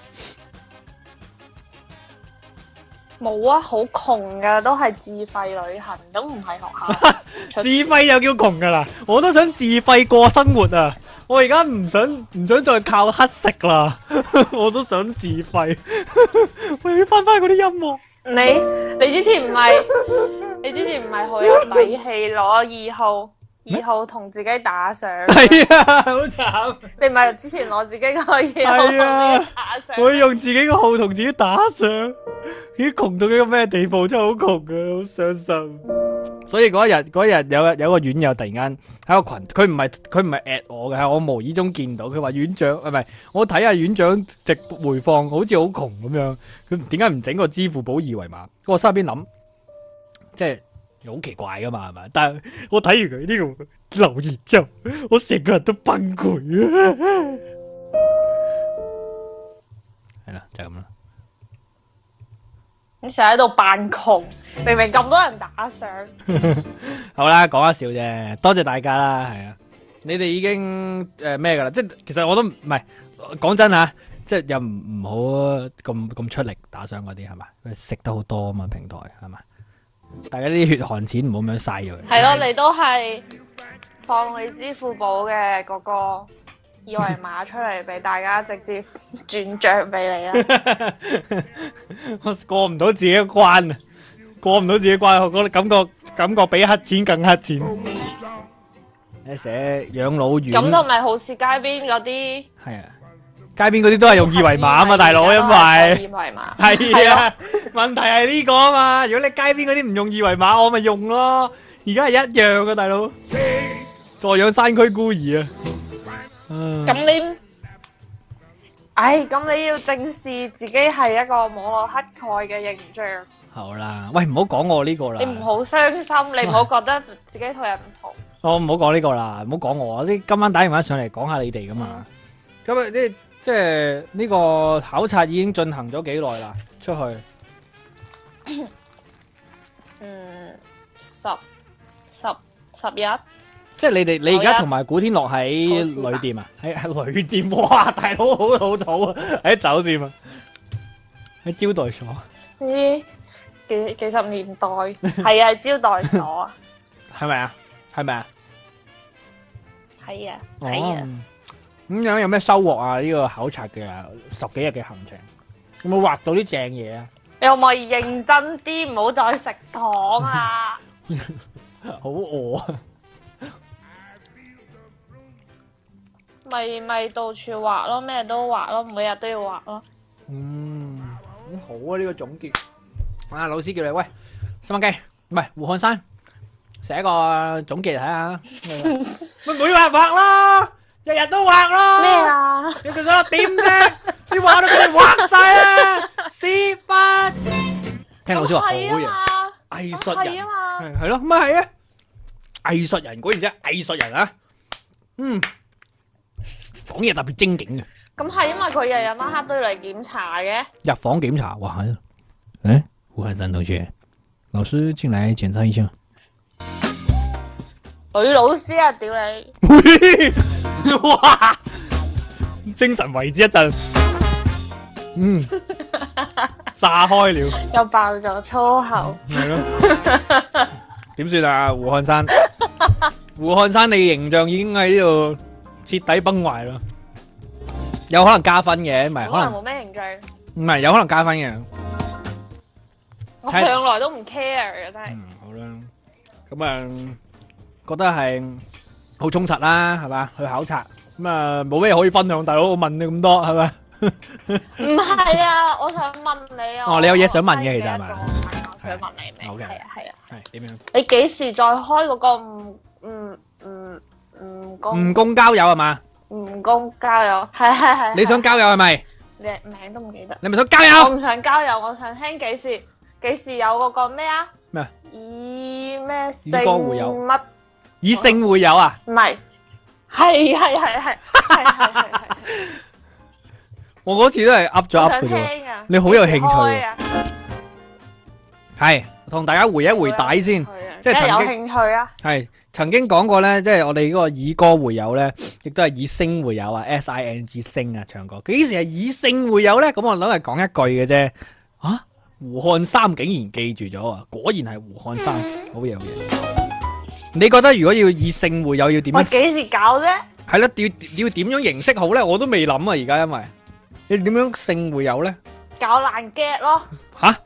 冇啊，好窮㗎，都係自費旅行，都唔喺學校。 自費又叫窮㗎啦，我都想自費過生活啊！我而家唔想唔想再靠乞食啦， 我都想自費。 我要翻翻嗰啲音樂你。你你之前唔係 你之前唔係好有底氣攞二號。二號同自己打上，係啊，好慘！你唔係之前攞自己個嘢打上，我用自己個號同自己打上。咦，窮到一個咩地步？真係好窮啊，好傷心！所以嗰日嗰日有有一個院友突然間喺個群，佢唔係佢唔係 at 我嘅，係我無意中見到佢話院長，係咪？我睇下院長直回放，好似好窮咁樣。佢點解唔整個支付寶二維碼？我心入邊諗，即係。好奇怪噶嘛，係咪？但係我睇完佢呢個留言之後，我成個人都崩潰啊！係 啦，就係、是、咁啦。你成日喺度扮窮，明明咁多人打賞。 好啦，講一笑啫，多謝大家啦，係啊，你哋已經誒咩噶啦？即係其實我都唔係講真吓、啊，即係又唔唔好咁咁出力打賞嗰啲係嘛，食得好多啊嘛，平台係嘛。是大家啲血汗錢唔好咁樣晒咗。佢，係咯，你都係放你支付寶嘅嗰個二維碼出嚟俾大家直接轉賬俾你啦 我過唔到自己關啊，過唔到自己關，我感覺感覺比黑錢更黑錢。你寫養老院。咁就唔係好似街邊嗰啲。係啊。街邊嗰啲都係用二維碼啊嘛，大佬，因為二維碼係啊，問題係呢個啊嘛。如果你街邊嗰啲唔用二維碼，我咪用咯。而家係一樣噶，大佬。助養山區孤兒啊。咁你，唉，咁你要正視自己係一個網絡乞丐嘅形象。好啦，喂，唔好講我呢個啦。你唔好傷心，你唔好覺得自己同人唔同。哦，唔好講呢個啦，唔好講我啊。你今晚打電話上嚟講下你哋噶嘛。咁啊啲。即係呢個考察已經進行咗幾耐啦？出去， 嗯，十十十日。即係你哋，你而家同埋古天樂喺旅店啊？喺喺旅店，哇！大佬好好早啊，喺酒店啊，喺招待所。呢幾幾十年代係 啊，係招待所啊，係咪啊？係咪啊？係啊，係啊。咁樣有咩收穫啊？呢個考察嘅十幾日嘅行程，有冇畫到啲正嘢啊？你可唔可以認真啲，唔好再食糖啊！好餓啊！咪咪到處畫咯，咩都畫咯，每日都要畫咯。嗯，咁好啊！呢個總結，啊，老師叫你喂，心機唔係胡漢山寫個總結嚟睇下，咪每日畫啦。日日都畫咯，你仲想我點啫？啲畫都俾你畫晒啊！書法 八，聽老師話好嘢，藝術人係咯，乜係啊？藝術人果然即係，藝術人啊，嗯，講嘢特別精警嘅。咁係因為佢日日晚黑都要嚟檢查嘅，入房檢查哇！誒、哎，胡漢生同學，老師進來檢查一下。女老師啊，屌你！ 哇！精神為之一振，嗯，炸開了，又爆咗粗口，係咯，點算啊？胡漢山，胡漢山，你形象已經喺呢度徹底崩壞咯，有可能加分嘅，唔係可能冇咩形象，唔係有可能加分嘅，我向來都唔 care 嘅，真係，嗯，好啦，咁啊，覺得係。好充實啦，係嘛？去考察咁啊，冇咩可以分享，大佬我問你咁多係咪？唔係啊，我想問你啊。哦，你有嘢想問嘅其實係咪？我想問你咩？好嘅，係啊係啊。係點樣？你幾時再開嗰個唔唔唔唔公唔公交友係嘛？唔公交友係係係。你想交友係咪？你名都唔記得，你咪想交友？我唔想交友，我想聽幾時幾時有嗰個咩啊？咩？以咩姓乜？以性會友啊？唔係，係係係係係係係。我嗰次都係噏咗噏嘅喎。你好有興趣、啊。係，同大家回一回帶先，即係曾有興趣啊？係曾經講、啊、過咧，即係我哋嗰個以歌會友咧，亦都係以聲會友啊。S I N G，聲啊，唱歌。幾時係以性會友咧？咁我諗係講一句嘅啫。啊，胡漢三竟然記住咗啊！果然係胡漢三，好有嘢、啊。你覺得如果要以性會友，要點？我幾時搞啫？係咯，要要點樣形式好咧？我都未諗啊，而家。因為你點樣性會友咧？搞爛 get 咯！吓？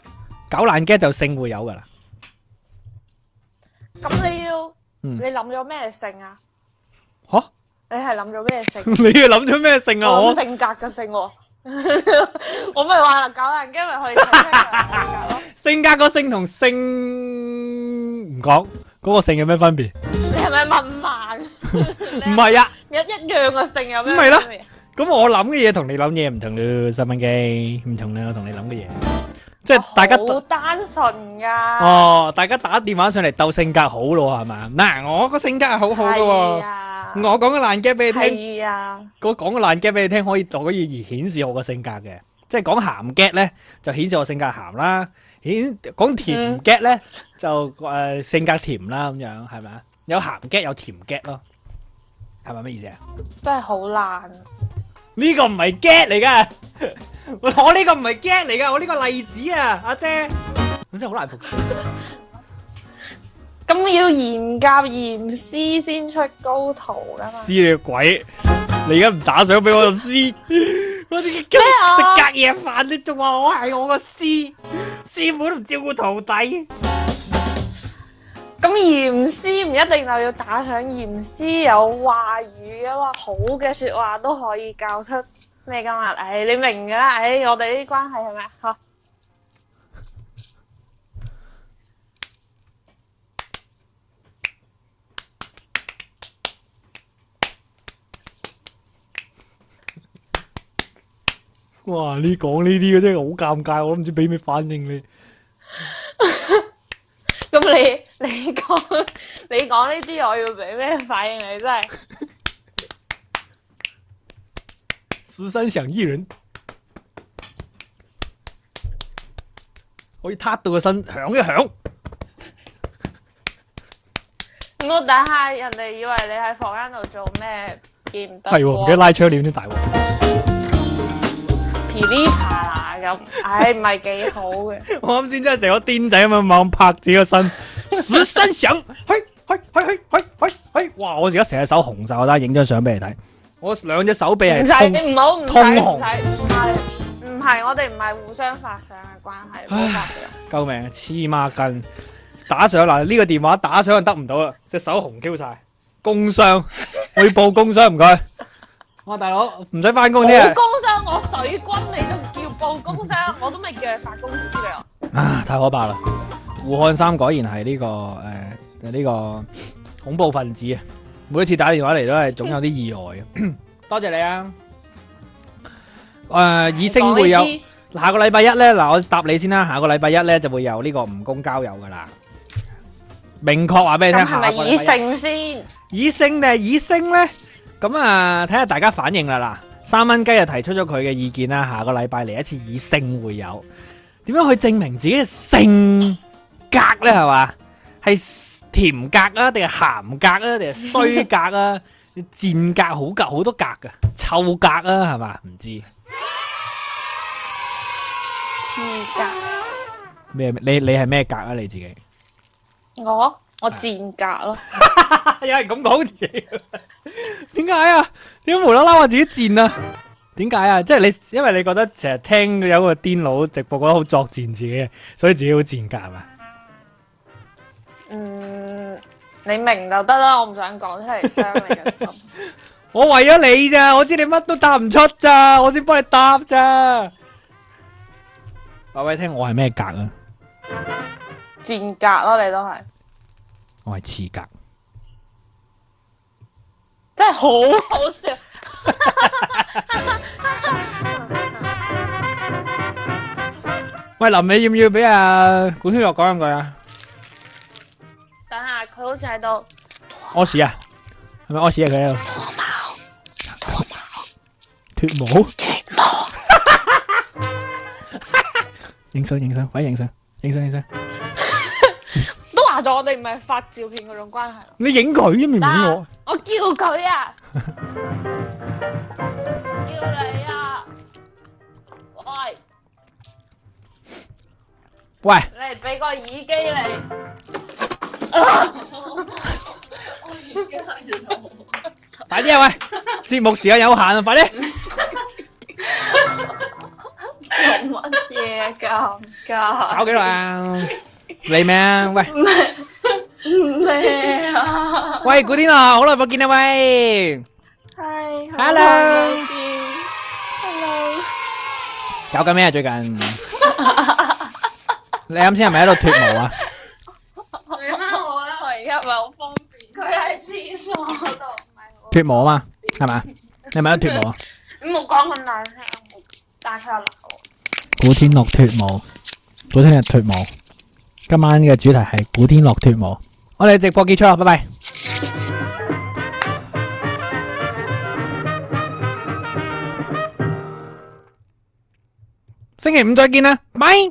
搞爛 get 就性會友噶啦？咁你要，你諗咗咩性啊？吓？你係諗咗咩性？你要諗咗咩性啊？我性格嘅性喎，我咪話啦，搞爛 get 咪可以性格咯。性格個性同性唔講。嗰、那個性有咩分別？你係咪問慢？唔 係是啊， 一一樣個性有咩分別？咁啦、啊，咁我諗嘅嘢同，西不不同我跟你諗嘢唔同啦，十蚊雞唔同你我同你諗嘅嘢，即係大家好單純噶。哦，大家打電話上嚟鬥性格好咯，係嘛？嗱，我個性格係好好噶喎，我講個爛 gag 俾你聽，啊、我講個爛 gag 俾你聽可以做可以而顯示我個性格嘅，即係講鹹 gag 呢，咧就顯示我性格鹹啦。點講甜 get 咧、嗯、就誒、呃、性格甜啦咁樣係咪啊？有咸 get 有甜 get 咯，係咪咩意思啊？真係好難！呢個唔係 get 嚟噶， 我呢個唔係 get 嚟噶，我呢個例子啊，阿姐，真係好難同 你講。咁要嚴格嚴師先出高徒噶嘛？師你個鬼！你而家唔打賞俾我師？ 我哋今日食隔夜飯，你仲話我係我個師，師傅都唔照顧徒弟。咁嚴師唔一定就要打響嚴師有話語啊嘛，好嘅說話都可以教出咩噶嘛，唉，你明噶啦，唉，我哋呢啲關係係咪啊？好。哇！你講呢啲嘅真係好尷尬，我都唔知俾咩反應你， 你。咁你你講你講呢啲，我要俾咩反應你？真係十三響一人，可以撻到個身響一響。我等下人哋以為你喺房間度做咩，見唔到。係喎，唔記得、哦、記拉窗簾先大鑊。噼里啪啦咁，唉唔係幾好嘅。 我啱先真係成個癲仔咁樣，望拍自己個身，晒 身相，喂喂喂喂喂喂哇！我而家成隻手紅晒，我等下影張相俾你睇。我兩隻手臂係唔你唔好唔唔係，唔係，我哋唔係互相發相嘅關係， 救命，黐孖筋，打上嗱呢，這個電話打上又得唔到啦，隻手紅 Q 晒，工傷，去報報工傷唔該。我大佬唔使翻工添啊！報工傷，我水軍你都叫報工傷，我都未叫佢發工資嚟啊！啊，太可怕啦！胡漢三果然係呢個誒呢個恐怖分子啊！每一次打電話嚟都係總有啲意外啊！多謝你啊！誒，以星會有下個禮拜一咧嗱，我答你先啦，下個禮拜一咧就會有呢個唔公交友噶啦，明確話俾你聽下個禮拜一。係咪以星先？以星定係以星咧？咁啊，睇下大家反應啦！嗱，三蚊雞就提出咗佢嘅意見啦，下個禮拜嚟一次以性會友，點樣去證明自己嘅性格呢？係嘛？係甜格啊，定係鹹格啊，定係衰格啊？賤格、好格、好多格嘅，臭格啊？係嘛？唔知。格。咩？你你係咩格啊？你自己。我。我賤格咯。 有人咁講自己嘅？點解啊？點解啊？點解無啦啦話自己賤啊？點解啊？即係你，因為你覺得成日聽有個癲佬直播覺得好作賤自己，所以自己好賤格啊？嗯，你明白就得啦，我唔想講出嚟傷你嘅心。 我為咗你咋，我知你乜都答唔出咋，我先幫你答咋。話俾你聽我係咩格啊？賤格咯，你都係。我係刺格，真係好好笑！喂，臨尾要唔要俾阿古天樂講兩句啊？等下佢好似喺度屙屎啊？係咪屙屎啊？佢喺度脫毛，脫毛，脫毛！影相影相，快影相，影相影相。我哋唔係發照片嗰種關係。你影佢，唔影我。我叫佢啊！叫你啊！喂喂！嚟俾個耳機你。快啲啊喂！節目時間有限啊，快啲！默默耶！搞搞。幾耐啊！嚟咩啊？喂，唔嚟啊！喂，古天樂好耐冇見啦喂，係，hello，hello，搞緊咩啊最近？你啱先係咪喺度脫毛啊？我媽我而家咪好方便，佢喺廁所嗰度。脫毛啊嘛？係咪？你係咪喺度脫毛啊？唔好講咁難聽，打錯啦我。古天樂脫毛，古天樂脫毛。今晚嘅主題係古天樂脱模，我哋直播結束啦，拜拜。星期五再見啦，拜。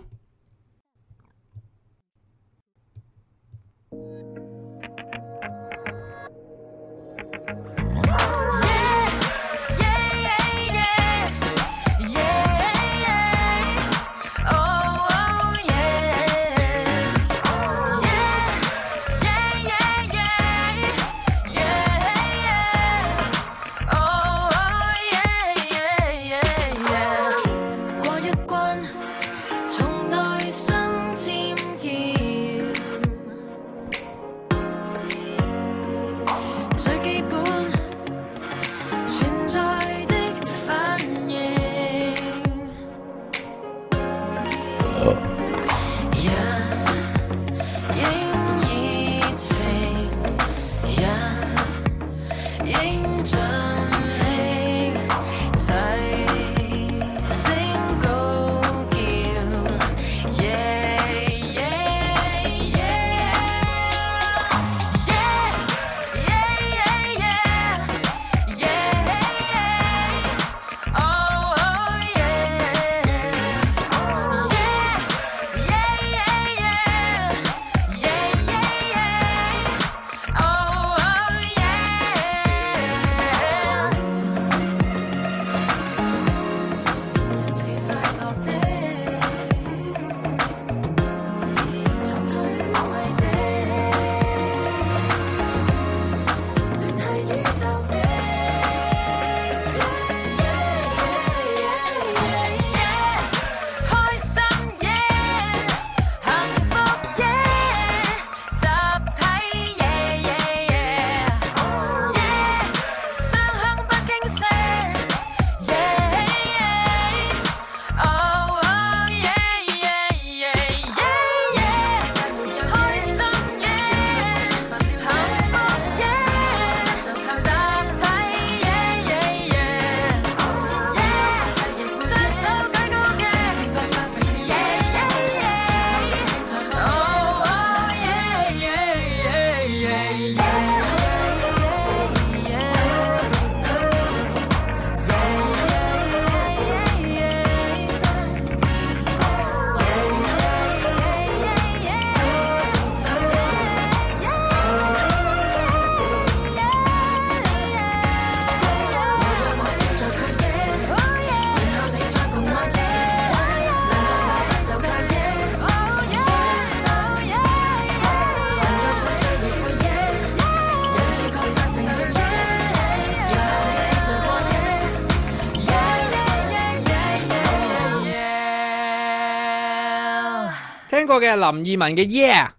係林義文嘅 yeah，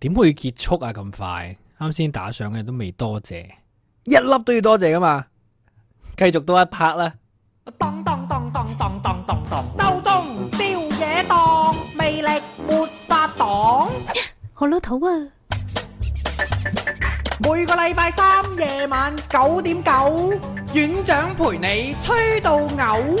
點會結束啊咁快？啱先打上嘅都未多謝，一粒都要多謝噶嘛。繼續多一拍啦。咚咚咚咚咚咚咚咚，刀中宵夜檔，魅力沒法擋。好老土啊！每個禮拜三夜晚九點九，院長陪你吹到嘔。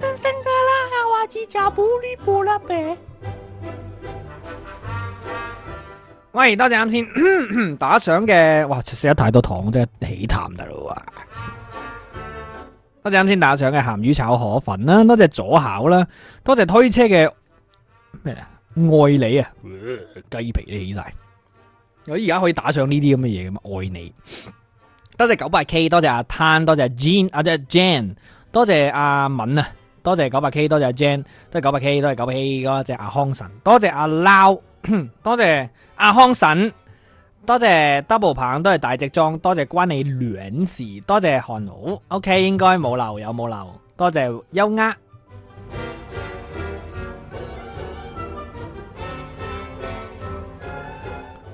新哥啦，我話只只保利保利白。喂，多謝啱先打賞嘅。哇，食得太多糖真係起痰得咯。多謝啱先打賞嘅鹹魚炒河粉啦，多謝左考啦，多謝推車嘅咩愛你啊，雞皮都起晒。我而家可以打上呢啲咁嘅嘢咁嘛？愛你。多謝九百 K，多謝阿炭，多謝 Jean，阿 Jan，多謝阿敏啊。多謝九百 K，多謝阿 Jean，都係九百 K，都係九百 K 嗰隻阿康臣，多謝阿撈，多謝阿康臣，多謝 double 棒，都係大隻裝，多謝關你亂事，多謝漢豪，OK 應該冇漏，有冇漏，多謝優壓，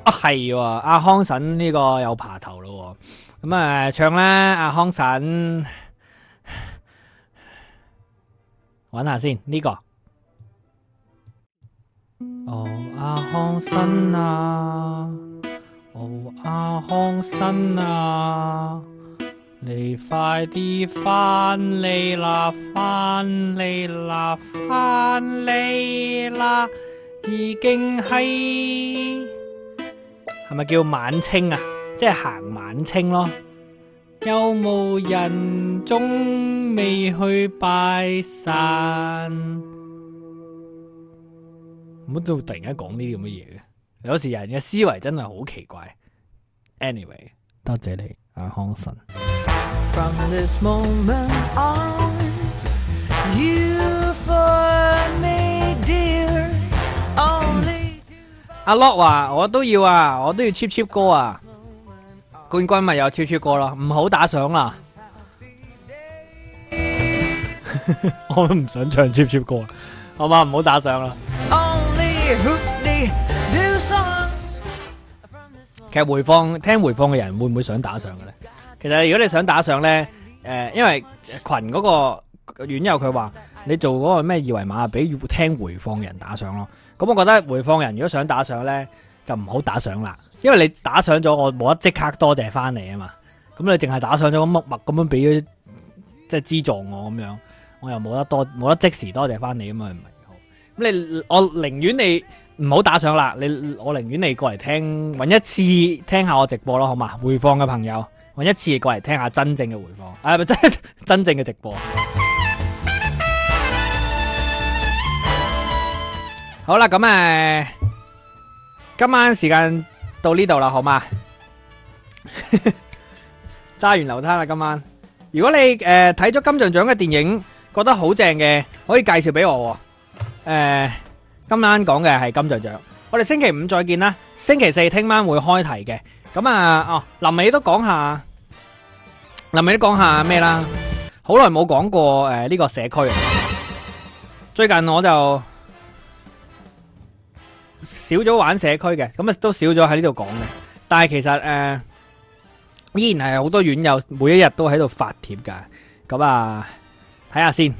啊係喎，阿康臣呢個有爬頭咯，咁啊唱啦，阿康臣。玩下先呢、這個。哦阿、啊、康新啊，哦阿、啊、康新啊，你快啲翻嚟啦，翻嚟啦，翻嚟啦，已經係係咪叫晚清啊？即係行晚清咯。有冇人終未去拜山，唔好做突然間講呢啲咁嘅嘢嘅，有時有人嘅思維真係好奇怪。Anyway，多謝，謝你，阿康神。阿樂話：我都要啊，我都要 cheap cheap 歌啊！冠軍咪有超超歌咯，唔好打賞啦！ 我都唔想唱超超歌，好嘛？唔好打賞啦！Only 其實回放聽回放嘅人會唔會想打賞嘅咧？其實如果你想打賞咧，誒、呃，因為群嗰、嗰個院友佢話你做嗰個咩二維碼俾聽回放嘅人打賞咯。咁我覺得回放的人如果想打賞咧，就唔好打賞啦。因為你打賞咗，我冇得即刻多謝翻你啊嘛，咁你淨係打賞咗咁默默咁樣俾咗，即係資助我咁樣，我又冇得多冇得即時多謝翻你啊嘛，唔係，咁你我寧願你唔好打賞啦，你我寧願你過嚟聽，搵一次聽下我直播咯，好嘛？回放嘅朋友，搵一次過嚟聽下真正嘅回放，啊，真真正嘅直播。 好啦，咁誒，今晚時間。到呢度啦，好嘛？揸完流攤啦，今晚。如果你誒睇咗金像獎嘅電影，覺得好正嘅，可以介紹俾我。誒，今晚講嘅係金像獎。我哋星期五再見啦，星期四聽晚會開題嘅。咁啊，哦，臨尾都講下，臨尾都講下咩啦？好耐冇講過誒，呢個社區。最近我就。少咗玩社區嘅，咁啊都少咗喺呢度講嘅。但係其實誒、呃，依然係好多院友每一日都喺度發帖噶。咁啊，睇下先。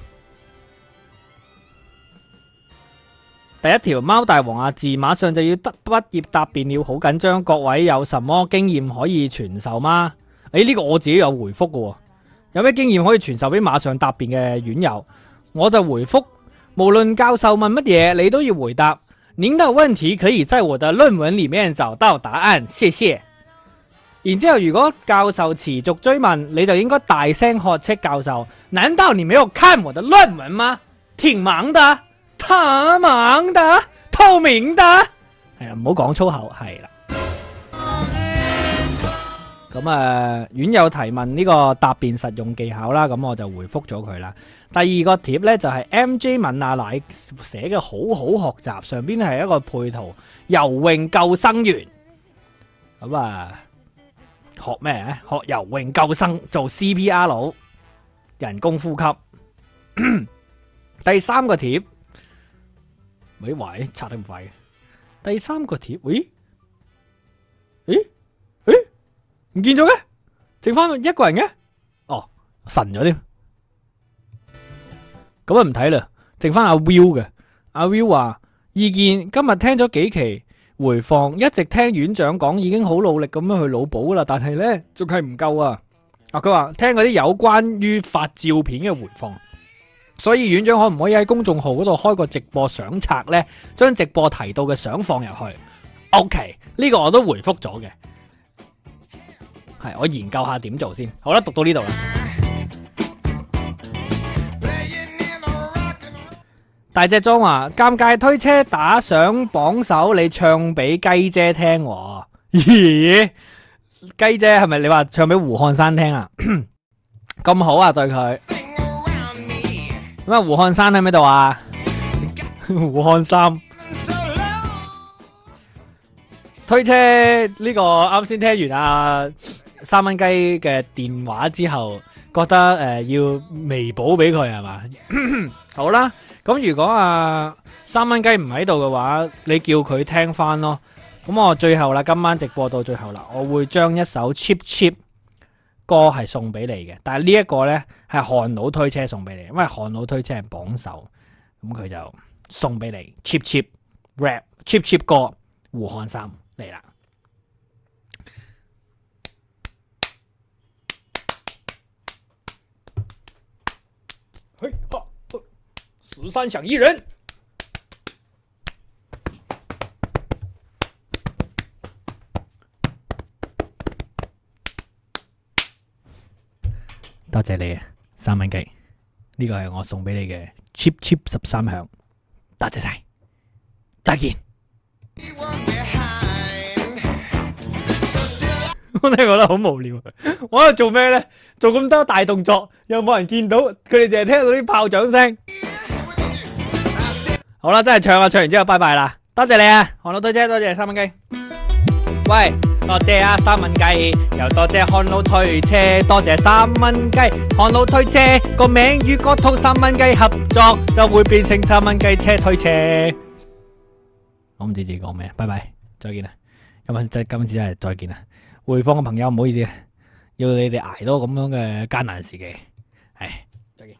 第一條，貓大王阿志、啊，馬上就要得畢業答辯了，好緊張。各位有什麼經驗可以傳授嗎？誒、欸，呢、這個我自己有回覆嘅喎。有咩經驗可以傳授俾馬上答辯嘅院友？我就回覆，無論教授問乜嘢，你都要回答。您的問題可以在我的論文裏面找到答案，謝謝。然之後，如果教授持續追問，你就應該大聲呵斥教授。難道你沒有看我的論文嗎？挺忙的，他忙的，透明的。係啊，唔好講粗口，係啦。咁、嗯、啊，院友提問呢個答辯實用技巧啦，咁我就回覆咗佢啦。第二個貼咧就係 M J 問阿奶寫寫嘅好好學習，上邊係一個配圖，游泳救生員。咁、嗯、啊，學咩咧？學游泳救生，做 C P R 佬，人工呼吸。第三個貼，喂喂，拆得唔快？第三個貼，喂、哎，誒、哎、誒。唔見咗嘅，剩翻一個人嘅，哦，神咗添。咁啊唔睇啦，剩翻阿 Will 嘅。阿 Will 話意見今日聽咗幾期回放，一直聽院長講，已經好努力咁樣去腦補啦，但係呢，仲係唔夠啊。啊佢話聽嗰啲有關於發照片嘅回放，所以院長可唔可以喺公眾號嗰度開個直播相冊呢？將直播提到嘅相放入去。OK，呢個我都回覆咗嘅。係，我研究下點做先。好啦，讀到呢度啦。大隻裝啊，尷尬，推車打上榜首，手你唱俾雞姐聽喎、哦。咦？ 雞姐係咪你話唱俾胡漢山聽啊？咁 好啊，對佢。咁 啊，胡漢山喺邊度啊？胡漢三。推車呢個啱先聽完啊。三蚊雞嘅電話之後，覺得誒、呃、要微補俾佢係嘛？好啦，咁如果啊三蚊雞唔喺度嘅話，你叫佢聽翻咯。咁我最後啦，今晚直播到最後啦，我會將一首 cheap cheap 歌係送俾你嘅。但係呢一個呢，係韓佬推車送俾你，因為韓佬推車係榜首，咁佢就送俾你 cheap cheap rap cheap cheap 歌，胡漢三嚟啦。嘿哈，十三響一人，多謝你啊，三蚊雞，呢個係我送俾你嘅 cheap cheap 十三響，多謝晒，再見。 我真覺得好無聊，我喺度做咩咧？做咁多大動作，又冇人見到？佢哋淨係聽到啲炮仗聲。 好啦，真係唱啦，唱完之後拜拜啦，多謝你啊！韓老推車，多謝三蚊雞。喂，多謝啊！三蚊雞又多謝韓老推車，多謝三蚊雞。韓老推車個名與國通三蚊雞合作，就會變成三蚊雞車推車。我唔知自己講咩，拜拜，再見啦！今日今次係再見啦！回放嘅朋友唔好意思，要你哋捱多咁樣嘅艱難時期。係再見。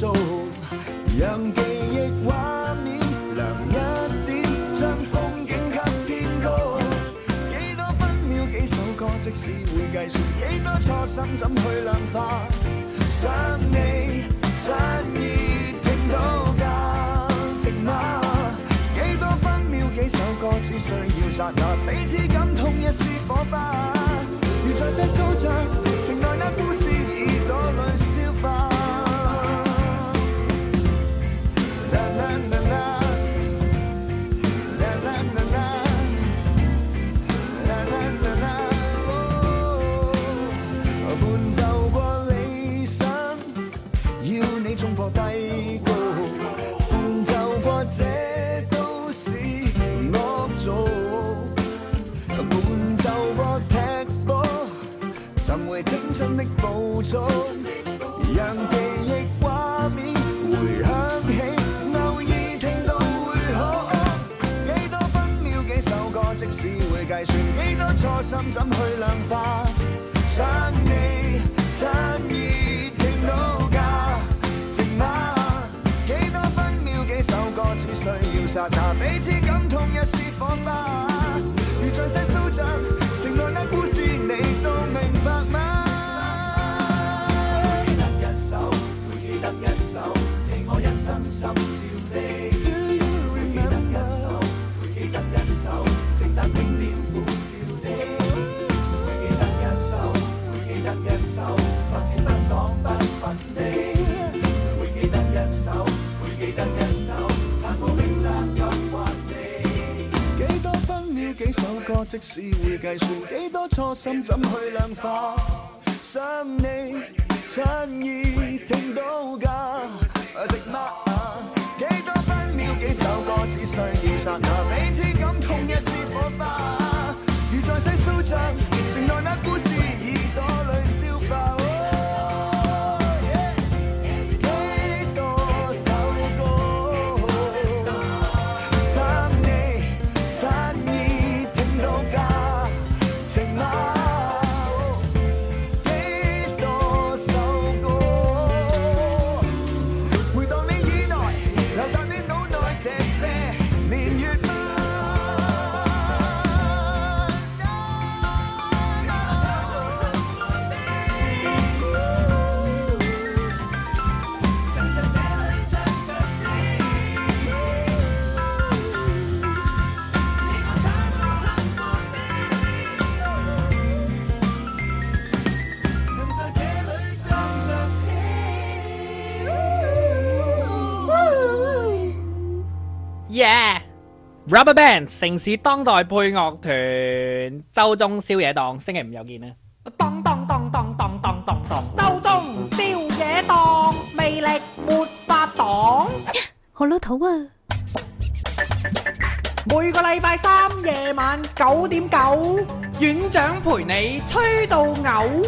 讓記憶畫面亮一點，將風景刻篇高。幾多分秒幾首歌，即使會計算，幾多初心怎去量化？想你，想你，聽到價值嗎？幾多分秒幾首歌，只需要刹那，彼此感同一絲火花。如在世數着，情內那故事耳朵裏消化。讓記憶畫面回響起，偶爾聽到會好。幾多分秒幾首歌，即使會計算，幾多初心怎去量化？想你，十二點到家，靜嗎？幾多分秒幾首歌，只需要剎那，彼此感同一絲火花，如在細訴着。首歌即使會計算，幾多初心怎去量化？想你親耳聽到㗎幾多分秒幾首歌，只需要剎那，彼此感同一絲火花。如在細數著，城內那故事，耳朵裏消化。Rubberband 城市當代配樂團，周中宵夜檔，星期五又見啦！當當當當當當當，周中宵夜檔，魅力沒法擋。好老土啊！每個禮拜三夜晚九點九，院長陪你吹到嘔。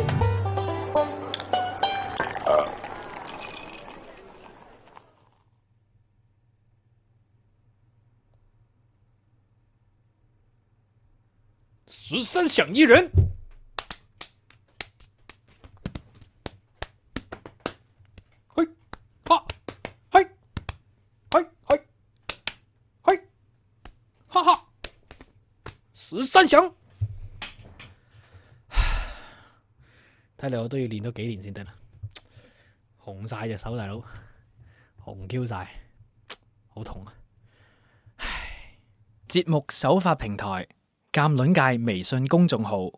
十三想一人，嘿，哈，嘿，嘿，嘿，哈哈，十三響，睇嚟，我都要練多幾年先得啦，紅晒隻手，大佬紅 Q 晒，好痛啊！節目首發平台。鑑論界微信公眾號。